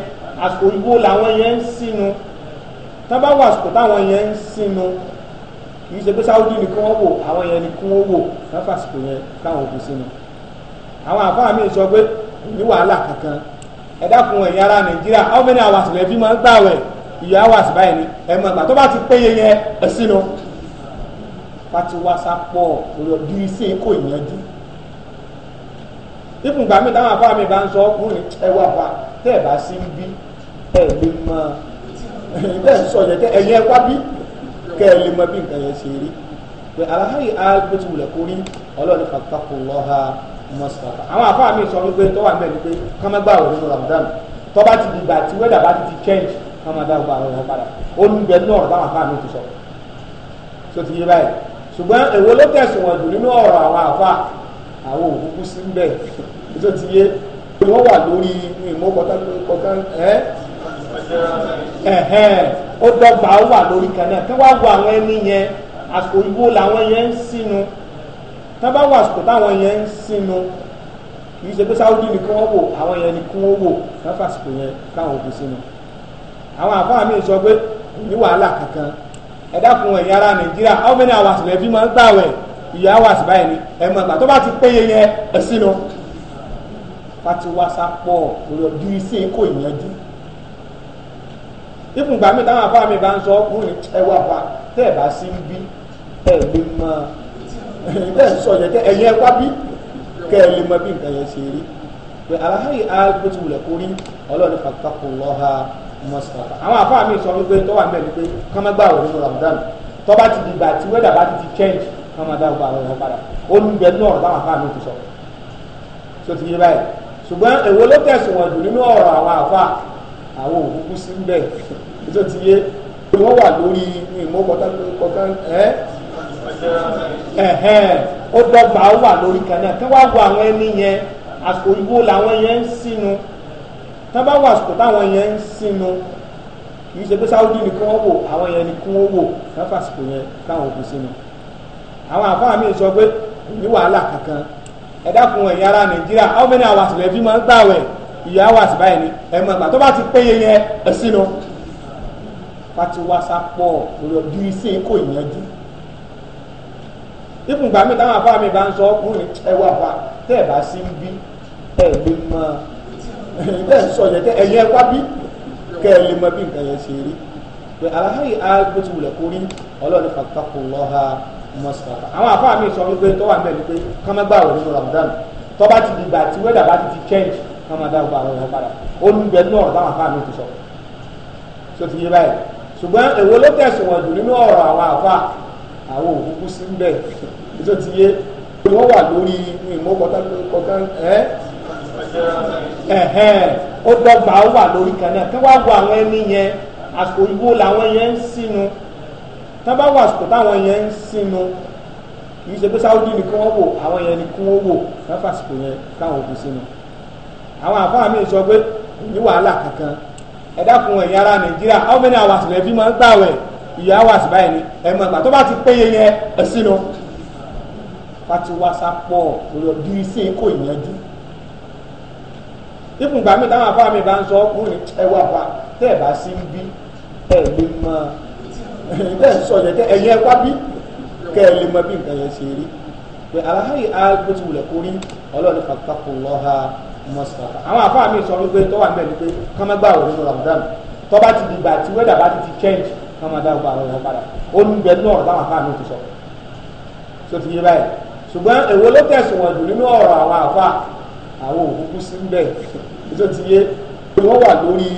àsìkò ìwó làwọn yẹn ń sínú tá wà àsìkò táwọn yẹn ń sínú kì í ṣe pé sáwọ́dì ni kí wọ́n wò àwọn yẹn ni kí wọ́n wò kankan ẹ dákun ẹ̀yin Nigeria, nàìjíríà how many hours lè fi máa ń ìyá báyìí ni ẹ mọ̀ tó bá ti péye yẹn ẹ fatiwasa pọ̀ ikùn gbàmí táwọn afá mi bá ń sọ ọkùnrin ẹwà wa tẹ́ ẹ bá sí bí ẹ lè mọ ẹ ń sọ yẹn kẹ ẹ̀yin ẹ wá bí kẹ ẹ lè mọ bí nǹkan yẹn ṣe rí pé aláhàyè alábòtí wulẹ̀ kó rí ọlọ́ọ̀ni pàtàkì lọ́ha mọ́sítàfà àwọn afá mi sọ wípé tọ́wà ń bẹ̀ ni pé ká má gbà wọ̀ nínú Ramadan ti di ìgbà tí wẹ́dà bá ti ti change ká má dá gbà wọ̀ padà ó ní bẹ̀ náà báwọn afá mi ti sọ tó ti yé báyìí ṣùgbọ́n èwo ló tẹ̀sùn wọn jù nínú ọ̀rọ̀ àwọn afá àwọn òkúkú sí ń bẹ̀ tó ti yé wọ́n wà lórí ìmọ̀kọ́tà ẹ́ ẹ̀hẹ́n ó dọ́gba ó wà lórí kan náà kí wá wo àwọn ẹni yẹn àsìkò ìwó làwọn yẹn ń sínú tá bá wà àsìkò táwọn yẹn ń sínú kì í ṣe pé sáwọ́dì ni kí wọ́n wò àwọn yẹn ni kí wọ́n wò kán fàsìkò yẹn káwọn òbí sínú àwọn àfáà mi sọ pé kò ní wàhálà kankan ẹ dákun ẹ̀yin ará Nàìjíríà how many hours lè fi máa ń gbà wẹ̀ ìyá wà sí báyìí ni ẹ mọ̀ gbà tó bá ti péye yẹn ẹ sínú pati wasa pọ̀ lọ́dún iṣẹ́ kò yanjú ìfúngbà mi táwọn afá mi bá ń sọ ọkùnrin ẹwà pa tẹ́ ẹ̀ bá sí ń bí ẹ̀ lè mọ tẹ́ ẹ̀ sọ yẹn tẹ́ ẹ̀yẹ wá bí kẹ́ ẹ̀ lè mọ bí nǹkan yẹn ṣe rí pé aláhàyè àgbẹ̀ ti wulẹ̀ kórí ọlọ́ọ̀ni pàtàkì lọ́ha mọ́sàkà àwọn afá mi sọ wípé tọ́wà mẹ́rin pé kọ́mẹ́gbà wọ̀ nínú Ramadan tọ́ba ti dìgbà tí wẹ́dà bá ti ti change wọn máa dárúkọ àwọn èèyàn padà ó ń bẹ náà báwọn afá mi ti sọ tó ti yé báyìí ṣùgbọ́n èwo ló tẹ̀sùn wọn jù nínú ọ̀rọ̀ àwọn afá àwọn òkúkú sí ń bẹ̀ tó ti yé wọ́n wà lórí ìmọ̀kọ̀tàn ẹ́ ẹ̀hẹ́n ó dọ́gba ó wà lórí kan náà kí wọ́n á wo àwọn ẹni yẹn àsìkò ìwó làwọn yẹn ń sínú tí wọ́n bá wọ àsìkò táwọn yẹn ń sínú kì í ṣe pé sáwọ́dì ni kí wọ́n wò àwọn yẹn ni kí wò káfàsìkò yẹn káwọn òkú sínú àwọn àfáà mi sọ pé ní wàhálà kankan ẹ dákun ẹ̀yin ará nàìjíríà how many hours lè fi máa ń gbàwẹ̀ iye hours báyìí ni ẹ mọ̀ ìgbà tó bá ti péye yẹn ẹ sínú fatiwasa pọ̀ lórí ọdún iṣẹ́ kò yanjú ibùgbà mi táwọn àfáà mi bá ń sọ ọkùnrin ẹ wà fà tẹ́ ẹ bá sí ń bí ẹ lè mọ ẹ sọ yẹn tẹ ẹ̀yin ẹ wá bí kẹ́ ẹ lè mọ bí nǹkan yẹn ṣe rí pé aláhàyè á gbé ti wulẹ̀ kórí ọlọ́ọ̀ni fàtàkùn lọ́ha mọ́sàkà àwọn àfáà mi sọ wípé tó wà mẹ́rin pé ká má gbààwẹ̀ nínú Ramadan tó bá ti dìgbà tí wẹ́dà bá ti ti change ká má dá gbààwẹ̀ wọn padà olùgbẹ́ náà táwọn àfáà mi ti sọ tó ti yé báyìí ṣùgbọ́n èwo ló tẹ̀sùn nínú ọ̀rọ̀ àwọn àfáà àwọn òkúkú sí ń bẹ̀ tó ti yé wọ́n wà lórí ìmọ̀kọ̀tàn ẹ́ ẹ̀hẹ́n ó dọ́gba wà lórí kan náà kí wọ́n tábà wà sùkò táwọn yẹn ń sinu yìí ṣe pé sáwọ́dì ni kí wọ́n wò àwọn yẹn ni kí wọ́n wò káfà sùkò yẹn káwọn òkú sinu àwọn àfáà mi sọ pé ní wàhálà kankan ẹ dákun ẹ̀yin ará nàìjíríà how many hours lẹ́ẹ̀fí máa ń gbàwẹ̀ ìyá hours báyìí ni ẹ̀ mọ̀ gbà tó bá ti péye yẹn ẹ̀ sinu fatiwasa pọ̀ lórí ọdún iṣẹ́ kò yanjú ipò gbàmí táwọn afáàmì bá ń sọ ọkùnrin ẹwà bá tẹ́ẹ̀ bá sí ń bí ẹ̀ lè máa ẹ̀yin tẹ́ ń sọ yẹn kẹ́ ẹ̀yin ẹ wá bí kẹ́ ẹ lè mọ bí nǹkan yẹn ṣe rí pé aláhàyè á bó ti wulẹ̀ kórí ọlọ́ọ̀ni fàtàkù lọ́ha mọ́sàkà àwọn àfáà mi sọ wípé tó wà níbẹ̀ pé kọ́mẹ́gbà òun ní Ramadan tó bá ti dìgbà tí wẹ́dà bá ti ti change kọ́mẹ́gbà òun àwọn ọ̀rọ̀ padà ó ní bẹ́ẹ̀ náà táwọn àfáà mi ti sọ tó ti yé báyìí ṣùgbọ́n èwo ló tẹ̀sùn jù nínú ọ̀rọ̀ àwọn àfáà àwọn
òkúkú